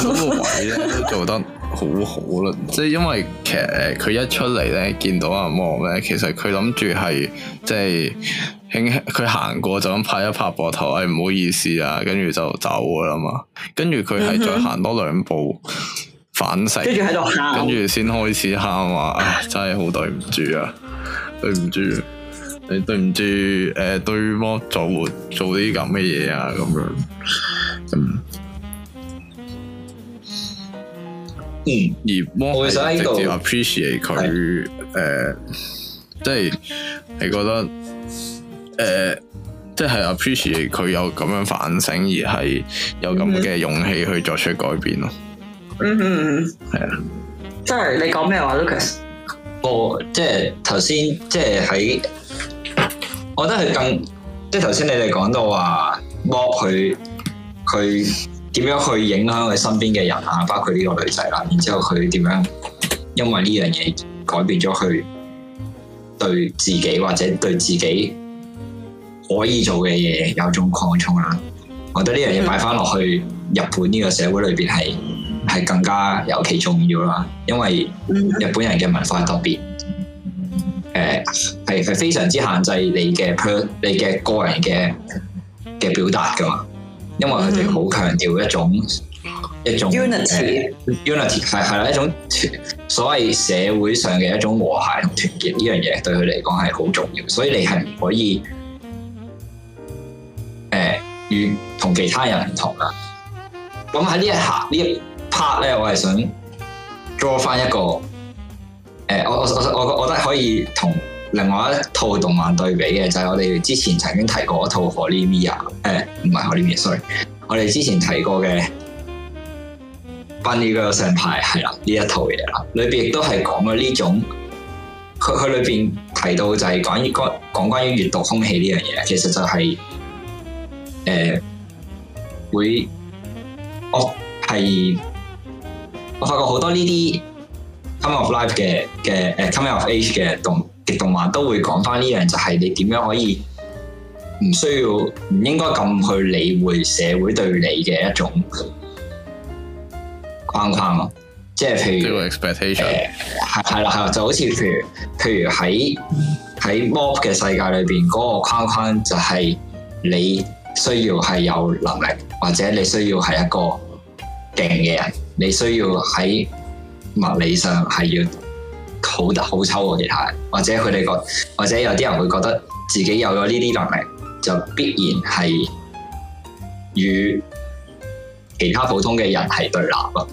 個位都做得好好啦，即 [LAUGHS] 係 [LAUGHS] [LAUGHS] 因為其實佢一出嚟咧見到阿望咧，其實佢諗住係即係輕輕，佢、就、行、是、過就咁拍一拍膊頭，係、哎、唔好意思啊，跟住就走噶啦嘛。跟住佢係再行多兩步反食，跟住喺度，跟住先開始喊唉、啊哎，真係好對唔住啊，對唔住、啊。你對唔住誒對魔做做啲咁嘅嘢啊，咁樣咁。嗯，而魔係直接 appreciate 佢誒的、呃，即係係覺得誒、呃，即係 appreciate 佢有咁樣反省，而係有咁嘅勇氣去作出改變咯。嗯，嗯嗯嗯，係啊的、okay. oh，即係你講咩話，Lukas？我即係頭先即係喺。我覺得佢更即係頭先你哋講到話 Mob 佢佢點樣去影響佢身邊嘅人啊？包括呢個女仔啦，然之後佢點樣因為呢樣嘢改變咗佢對自己或者對自己可以做嘅嘢有種擴充啦。我覺得呢樣嘢擺翻落去日本呢個社會裏邊係係更加尤其重要啦，因為日本人嘅文化特別，誒，係係非常之限制你嘅 per 你嘅個人嘅嘅表達㗎嘛，因為佢哋好強調一種、mm hmm. 一種 unity、呃、unity 係係一種所謂社會上嘅一種和諧同團結呢樣嘢對佢嚟講係好重要，所以你係唔可以誒、呃、與同其他人唔同噶。咁喺呢一下呢一 part 咧，我係想 draw 翻一個。誒、呃，我我我我覺得可以同另外一套動漫對比嘅，就係我哋之前曾經提過一套《Horimiya 啊》，誒，唔係《Horimiya》，sorry，我哋之前提過嘅《Bunny 嘅 Senpai》，係啦，呢一套嘢啦，裏邊亦都係講嘅呢種，佢佢裏邊提到就係講關於、講關於閲讀空氣呢樣嘢，其實就係誒、會，我係我發覺好多呢啲。《Come of Life》嘅嘅誒，《Coming of Age》嘅動極動漫都會講返呢樣，就係你點樣可以唔需要唔應該咁去理會社會對你嘅一種框框咯。嗯、即係譬如 expectation，係係啦係啦，就好似譬如譬如喺喺 Mob 嘅世界裏邊，嗰、嗰個框框就係你需要係有能力，或者你需要係一個勁嘅人，你需要喺。嗯。物理上係要好得好抽過其他人，或者佢哋覺，或者有啲人會覺得自己有咗呢啲能力，就必然係與其他普通嘅人係對立啊。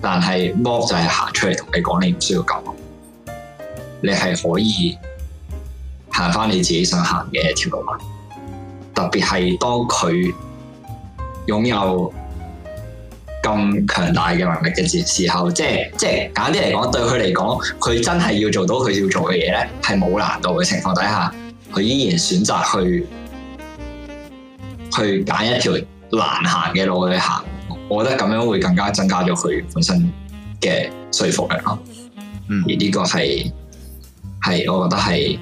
但係 Mob 就係行出嚟同你講你唔需要咁，你係可以行翻你自己想行嘅一條路啊。特別係當佢擁有。咁強大嘅能力嘅時時候，即係即係簡啲嚟講，對佢嚟講，佢真係要做到佢要做嘅嘢咧，係冇難度嘅情況底下，佢依然選擇去去揀一條難行嘅路去行，我覺得咁樣會更加增加咗佢本身嘅說服力咯。嗯，而呢個係係我覺得係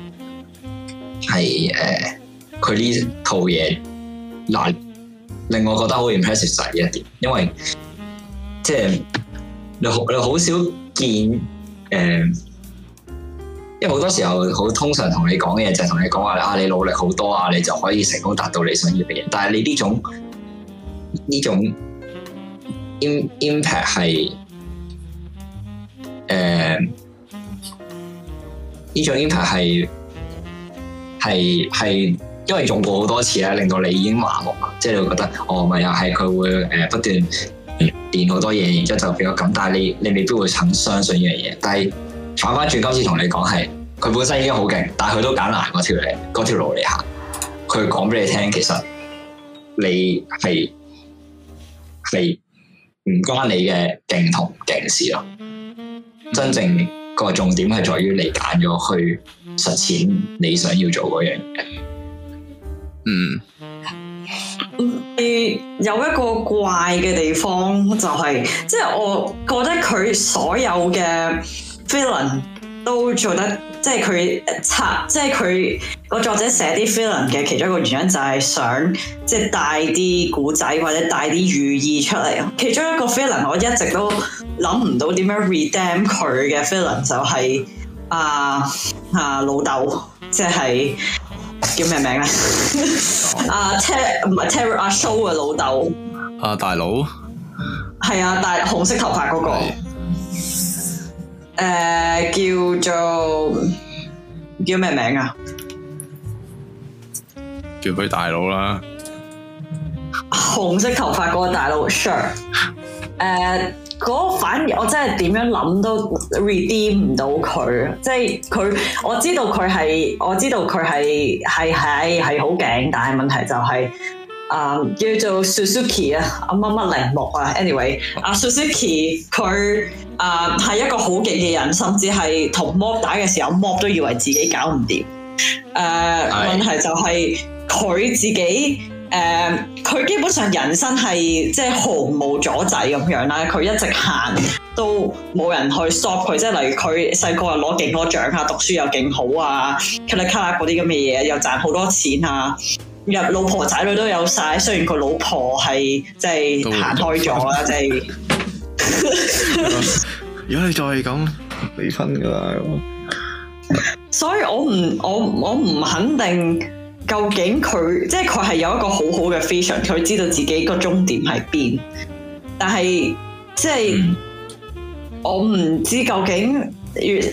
係誒，佢呢、呃、套嘢難令我覺得好 impressive 嘅一點，因為。即係你好，你好少見誒、呃，因為好多時候好通常同你講嘅嘢就係同你講話啊，你努力好多啊，你就可以成功達到你想要嘅嘢。但係你呢種呢種 impact 係誒，呢種 impact 係係係因為用過好多次啦，令到你已經麻木，即係你會覺得哦，咪又係佢會誒、呃、不斷。練好多嘢，然之後就比較咁，但係你你未必會肯相信呢樣嘢。但係反翻轉今次同你講係，佢本身已經好勁，但係佢都揀難嗰條嚟嗰條路嚟行。佢講俾你聽，其實你係係唔關你嘅勁同唔勁事咯。真正個重點係在於你揀咗去實踐你想要做嗰樣嘢。嗯。嗯、有一個怪嘅地方，就係、是、即係我覺得佢所有嘅 filler 都做得，即係佢拆，即係佢個作者寫啲 filler 嘅其中一個原因就係想即係帶啲古仔或者帶啲寓意出嚟。其中一個 filler 我一直都諗唔到點樣 redeem 佢嘅 filler 就係、是、啊啊老豆，即係。就是叫咩名咧？阿 Terry 唔係 Terry 阿 Show 嘅老豆。阿大佬。係啊，大紅色頭髮嗰個。誒，叫做叫咩名啊？叫佢大佬啦。紅色頭髮嗰個大佬 Sir。誒。嗰反而我真係點樣諗都 redeem 唔到佢，即係佢我知道佢係我知道佢係係係係好勁，但係問題就係、是、啊、呃、叫做 Suzuki 啊乜乜鈴木啊 anyway 啊 Suzuki 佢啊係一個好勁嘅人，甚至係同 Mob 打嘅時候 Mob 都以為自己搞唔掂，誒、啊、對 問題就係、是、佢自己。誒，佢、um, 基本上人生係即係毫無阻滯咁樣啦，佢一直行都冇人去 stop 佢，即係例如佢細個又攞勁多獎啊，讀書又勁好啊，卡 a 卡嗰啲咁嘅嘢又賺好多錢啊，入老婆仔女都有晒，雖然佢老婆係即係行開咗啦，即係，如果你再係咁，離婚㗎喇，所以我唔我我唔肯定。究竟佢即係佢係有一個好好嘅 vision 佢知道自己個終點喺邊，但係即係、嗯、我唔知究竟，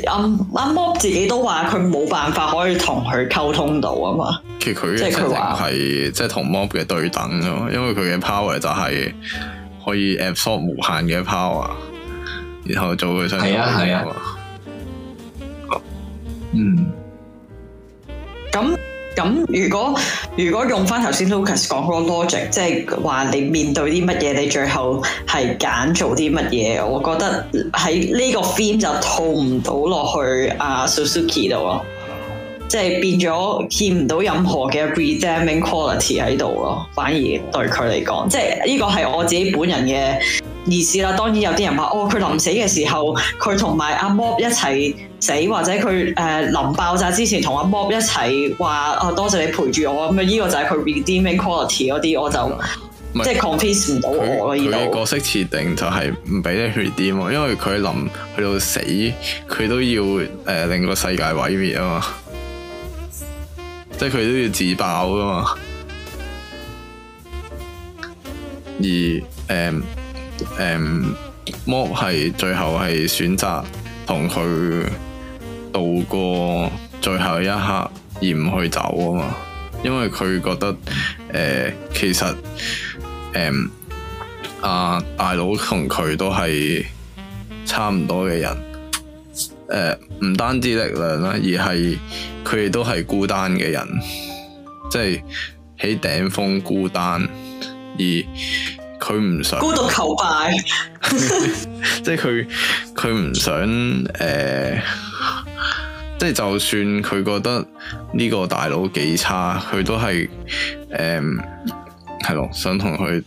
阿、嗯、阿、啊、mob 自己都話佢冇辦法可以同佢溝通到啊嘛。其實佢即係佢話係即係同 mob 嘅對等咯，因為佢嘅 power 就係可以 absorb 無限嘅 power，然後做佢想。係啊係啊。啊吧嗯。咁。咁如果如果用翻頭先 Lucas 講嗰個 logic，即係話你面對啲乜嘢，你最後係揀做啲乜嘢？我覺得喺呢個 film 就套唔到落去阿 Suzuki 度咯，即係變咗見唔到任何嘅 redeeming quality 喺度咯，反而對佢嚟講，即係呢個係我自己本人嘅。意思啦，當然有啲人話哦，佢臨死嘅時候，佢同埋阿 Mob 一齊死，或者佢誒、呃、臨爆炸之前同阿 Mob 一齊話啊，多謝你陪住我咁啊，依個就係佢 redeeming quality 嗰啲，我就、嗯、即係 confess 唔到我咯依度。角色設定就係唔俾你 redeem，因為佢臨去到死，佢都要誒、呃、令個世界毀滅啊嘛，即係佢都要自爆啊嘛，而誒、呃誒，Mob 係、um, 最後係選擇同佢度過最後一刻而唔去走啊嘛，因為佢覺得、uh, 其實、um, uh, 大佬同佢都係差唔多嘅人，唔、uh, 單止力量啦，而係佢哋都係孤單嘅人，即係喺頂峰孤單而。佢唔想孤獨求敗、 [LAUGHS] [LAUGHS] 呃，即係佢佢唔想誒，即係就算佢覺得呢個大佬幾差，佢都係誒係咯，想同佢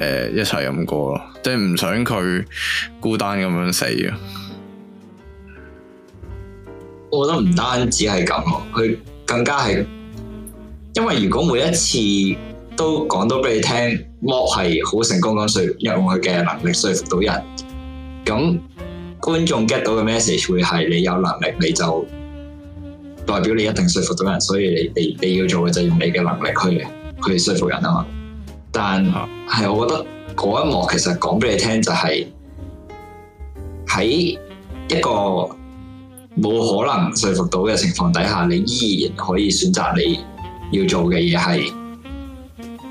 誒一齊飲過咯，即係唔想佢孤單咁樣死啊！我覺得唔單止係咁咯，佢更加係，因為如果每一次。都講到俾你聽，Mob 係好成功咁說，用佢嘅能力說服到人。咁觀眾 get 到嘅 message 會係你有能力，你就代表你一定說服到人。所以你你你要做嘅就用你嘅能力去去說服人啊嘛。但係、嗯、我覺得嗰一幕其實講俾你聽就係、是、喺一個冇可能說服到嘅情況底下，你依然可以選擇你要做嘅嘢係。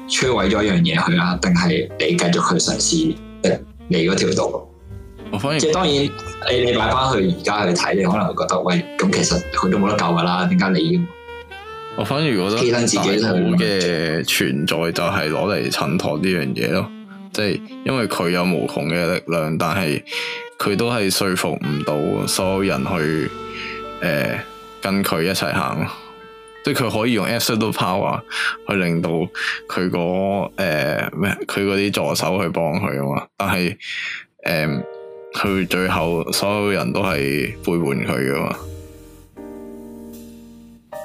摧毀咗一樣嘢去啦，定係你繼續去實施？你嗰條路？我反而即係當然，你你擺翻去而家去睇，你可能會覺得喂，咁其實佢都冇得救㗎啦，點解你？我反而覺得，自己好嘅存在就係攞嚟襯托呢樣嘢咯，即係 [NOISE] 因為佢有無窮嘅力量，但係佢都係說服唔到所有人去誒、呃、跟佢一齊行。即係佢可以用 absolute power 去令到佢個誒咩？佢嗰啲助手去幫佢啊嘛。但係誒，佢、呃、最後所有人都係背叛佢噶嘛？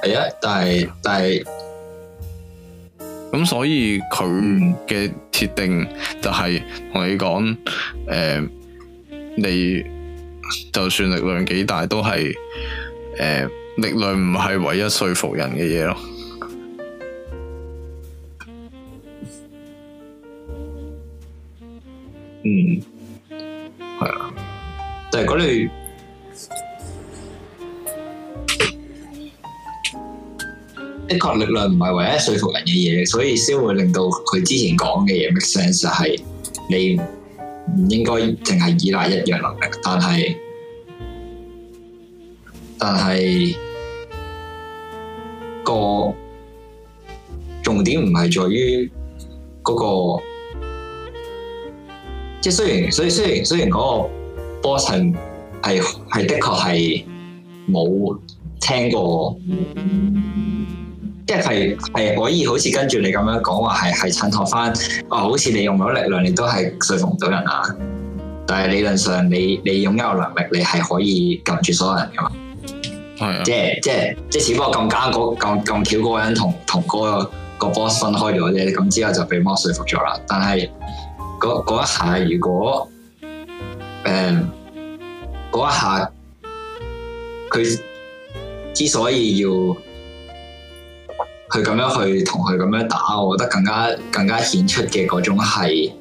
係啊、哎，但係但係，咁所以佢嘅設定就係同你講誒、呃，你就算力量幾大都係誒。呃力量唔係唯一說服人嘅嘢咯，嗯，係啊，但係佢哋的確力量唔係唯一說服人嘅嘢，所以先會令到佢之前講嘅嘢 make sense，就係你唔應該淨係依賴一樣能力，但係。但係個重點唔係在於嗰個，即係雖然，雖然雖然雖然嗰個波臣係係的確係冇聽過，即係係可以好似跟住你咁樣講話，係係襯托翻，哦，好似你用咗力量，你都係說服唔到人啊。但係理論上，你你擁有能力，你係可以撳住所有人噶嘛。是啊、即係即係即係，只不過咁啱咁咁巧嗰個人同同嗰、那個、那個、boss 分開咗啫，咁之後就被魔說服咗啦。但係嗰一下，如果誒嗰、呃、一下佢之所以要佢咁樣去同佢咁樣打，我覺得更加更加顯出嘅嗰種係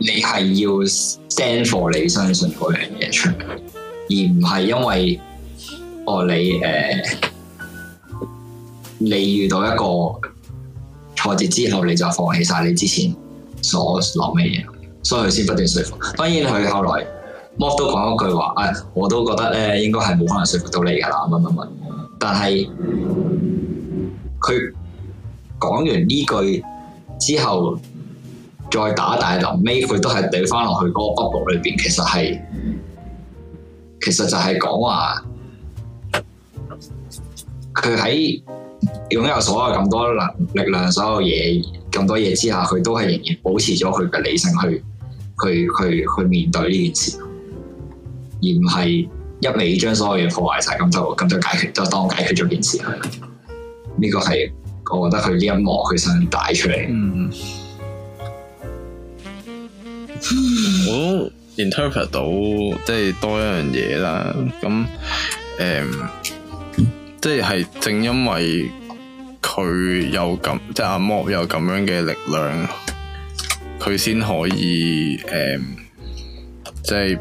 你係要 stand for 你相信嗰樣嘢出嚟。而唔係因為哦，你、誒、呃，你遇到一個挫折之後，你就放棄曬你之前所諗嘅嘢，所以佢先不斷說服。當然佢後來 Mob 都講一句話啊、哎，我都覺得咧、呃、應該係冇可能說服到你噶啦，乜乜乜。但係佢講完呢句之後，再打，一打，一打，但係臨尾佢都係懟翻落去嗰個 bubble 裏邊，其實係。其實就係講話，佢喺擁有所有咁多能力量、所有嘢、咁多嘢之下，佢都係仍然保持咗佢嘅理性去去去去面對呢件事，而唔係一味將所有嘢破壞晒，咁就咁就解決，就當解決咗件事。呢個係我覺得佢呢一幕佢想帶出嚟。嗯。 [LAUGHS] interpret 到即係多一樣嘢啦，咁誒、嗯，即係正因為佢有咁，即係阿莫有咁樣嘅力量，佢先可以誒、嗯，即係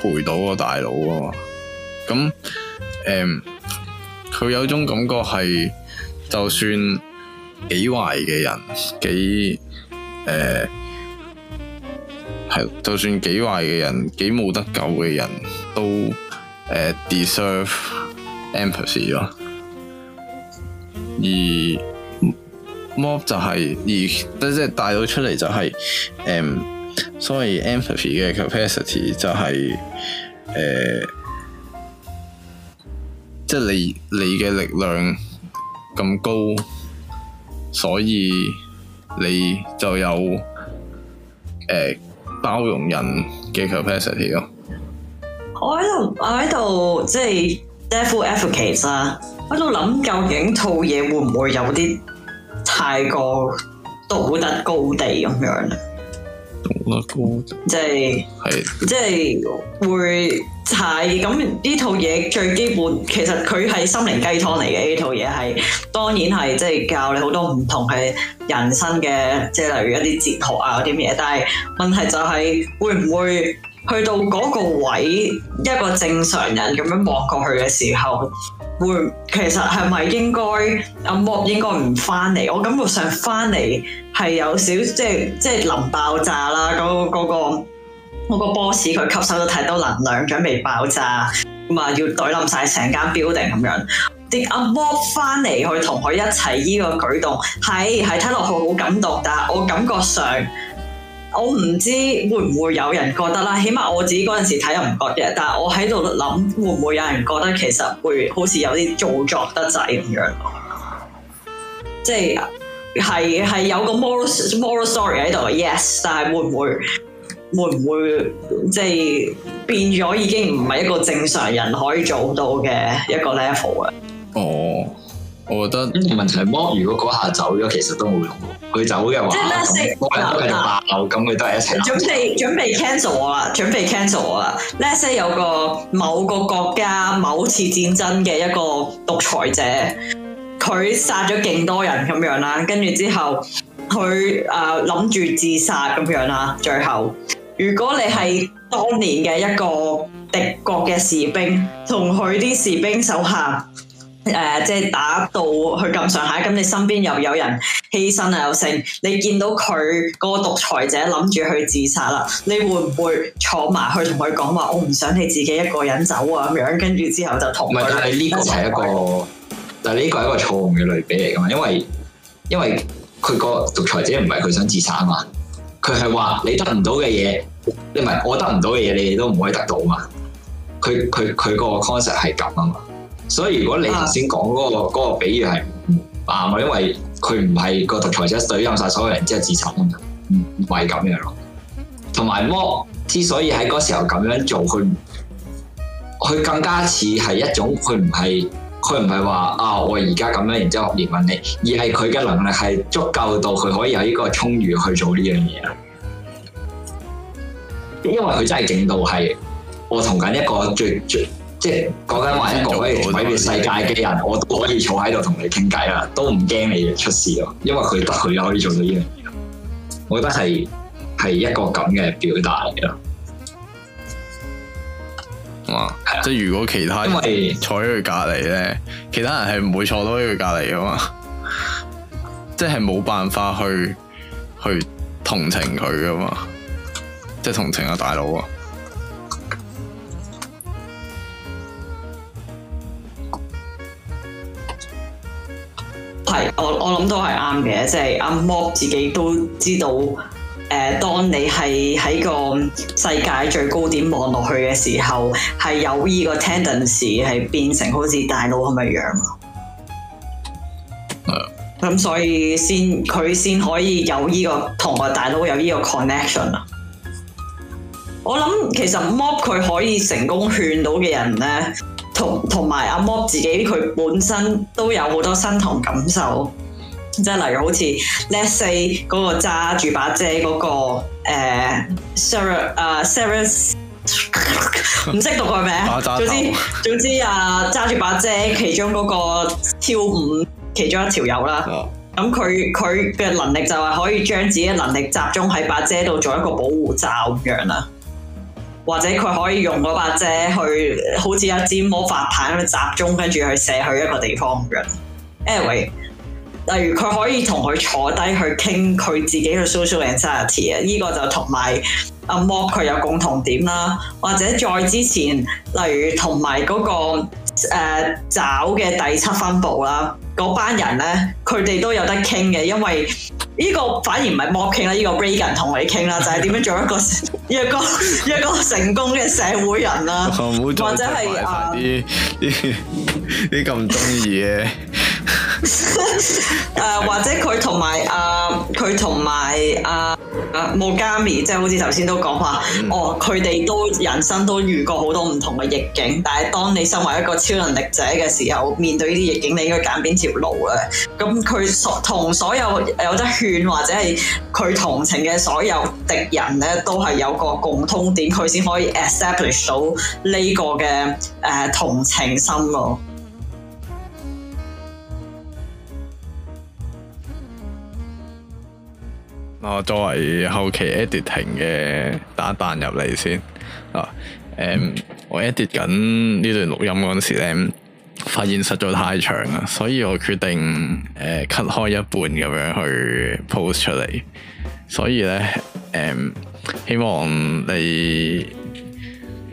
陪到個大佬、啊。咁誒，佢、嗯、有種感覺係，就算幾壞嘅人，幾誒。嗯就算幾壞嘅人，幾冇得救嘅人都，誒，deserve empathy 咯。而 mob 就係、是，而即係帶到出嚟就係、是，誒、um, 就是，所謂 empathy 嘅 capacity 就係，誒，即係你你嘅力量咁高，所以你就有，誒、uh,。包容人嘅 capacity 咯，我喺度、啊，我喺度即係 devil advocate 啊，喺度諗究竟套嘢會唔會有啲太過道德高地咁樣咧？道德高地，即係、就是，即係是會。係咁呢套嘢最基本，其實佢係心靈雞湯嚟嘅。呢套嘢係當然係即係教你好多唔同嘅人生嘅，即係例如一啲哲學啊、啲嘢。但係問題就係、是，會唔會去到嗰個位，一個正常人咁樣望過去嘅時候，會其實係咪應該暗波應該唔返嚟？我感覺上返嚟係有少即係即係臨爆炸啦。咁、那、嗰個。那個我個 boss 佢吸收咗太多能量，準備爆炸，咁啊要隊冧晒成間 building 咁樣，啲阿 Mob 翻嚟去同佢一齊依個舉動，係係睇落去好感動，但係我感覺上，我唔知會唔會有人覺得啦，起碼我自己嗰陣時睇又唔覺嘅，但係我喺度諗會唔會有人覺得其實會好似有啲做作得滯咁樣咯，即係係係有個 moral moral story 喺度，yes，但係會唔會？會唔會即係變咗已經唔係一個正常人可以做到嘅一個 level 啊？哦，我覺得問題係 Mob，如果嗰下走咗，其實都冇用。佢走嘅話，即係 Let's say，大家都繼續咁佢都係一齊了。準備準備 cancel 我啦，準備 cancel 啦。Let's say 有個某個國家某次戰爭嘅一個獨裁者，佢殺咗勁多人咁樣啦，跟住之後佢誒諗住自殺咁樣啦，最後。如果你係當年嘅一個敵國嘅士兵，同佢啲士兵手下誒、呃，即係打到去咁上下，咁你身邊又有人犧牲啊，又剩你見到佢個獨裁者諗住去自殺啦，你會唔會坐埋去同佢講話？我唔想你自己一個人走啊咁樣，跟住之後就同佢一齊。唔係，但係呢個係一個，但係呢個係一個錯誤嘅類比嚟噶嘛，因為因為佢個獨裁者唔係佢想自殺啊嘛。佢係話你得唔到嘅嘢，你唔係我得唔到嘅嘢，你哋都唔可以得到嘛。佢佢佢個 concept 係咁啊嘛。所以如果你頭先講嗰個嗰個比喻係唔啱啊，因為佢唔係個獨裁者㨃冧晒所有人之後自殺啊、嗯、嘛，唔係咁樣咯。同埋摩之所以喺嗰個時候咁樣做，佢佢更加似係一種佢唔係。佢唔係話啊，我而家咁樣，然之後嚟問你，而係佢嘅能力係足夠到佢可以有呢個充裕去做呢樣嘢。因為佢真係勁到係，我同緊一個最，最，最，即係講緊話一個可以毀滅世界嘅人，我都可以坐喺度同你傾偈啦，都唔驚你出事咯。因為佢得佢可以做到呢樣嘢，我覺得係係一個咁嘅表達嘅。即係如果其他人坐喺佢隔籬咧，為其他人係唔會坐到喺佢隔籬噶嘛，即係冇辦法去去同情佢噶嘛，即係同情阿、啊、大佬啊！係我我諗都係啱嘅，即係阿 mob 自己都知道。誒，當你係喺個世界最高點望落去嘅時候，係有呢個 tendency 係變成好似大佬咁嘅樣。誒、嗯，咁、嗯、所以先佢先可以有呢、呢個同個大佬有呢個 connection 啊。我諗其實 Mob 佢可以成功勸到嘅人咧，同同埋阿、啊、Mob 自己佢本身都有好多身同感受。即係例如好似 Let's say 嗰個揸住把遮嗰、那個誒、欸 uh, s 唔 [LAUGHS] 識讀佢名？總之總之啊揸住把遮其中嗰個跳舞其中一條友啦。咁佢佢嘅能力就係可以將自己嘅能力集中喺把遮度做一個保護罩咁樣啦。或者佢可以用嗰把遮去好似一支魔法棒咁樣集中，跟住去射去一個地方咁樣。Yeah. Anyway。例如佢可以同佢坐低去傾佢自己嘅 social anxiety 啊，依個就同埋阿 Mob 佢有共同點啦，或者再之前，例如同埋嗰個誒、呃、爪嘅第七分部啦，嗰班人咧，佢哋都有得傾嘅，因為呢個反而唔係 Mob 傾啦，呢、這個 Reigen 同你傾啦，就係、是、點樣做一個 [LAUGHS] [LAUGHS] 一個一個成功嘅社會人啦、啊，或者係啲啲咁中意嘅。誒、 [LAUGHS] uh, [LAUGHS] 或者佢同埋啊，佢同埋啊，啊、uh,，Mogami，即係好似頭先都講話，哦，佢哋都人生都遇過好多唔同嘅逆境，但係當你身為一個超能力者嘅時候，面對呢啲逆境，你應該揀邊條路咧？咁佢所同所有有得勸或者係佢同情嘅所有敵人咧，都係有個共通點，佢先可以 accept 到呢個嘅誒、呃、同情心咯。我作為後期 editing 嘅打彈入嚟先，啊，嗯、我 edit 緊呢段錄音嗰陣時咧，發現實在太長啦，所以我決定誒 cut、嗯、開一半咁樣去 post 出嚟，所以咧，誒、嗯，希望你誒、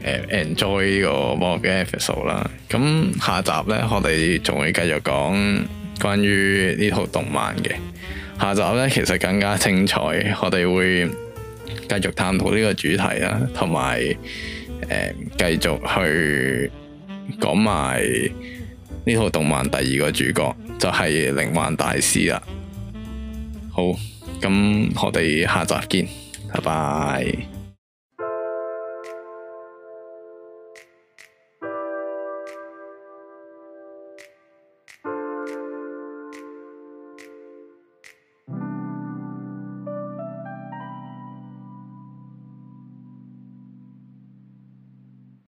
嗯、enjoy 呢個播嘅 episode 啦，咁下集咧，我哋仲會繼續講關於呢套動漫嘅。下集咧，其實更加精彩。我哋會繼續探討呢個主題啦，同埋誒繼續去講埋呢套動漫第二個主角，就係靈幻大師啦。好，咁我哋下集見，拜拜。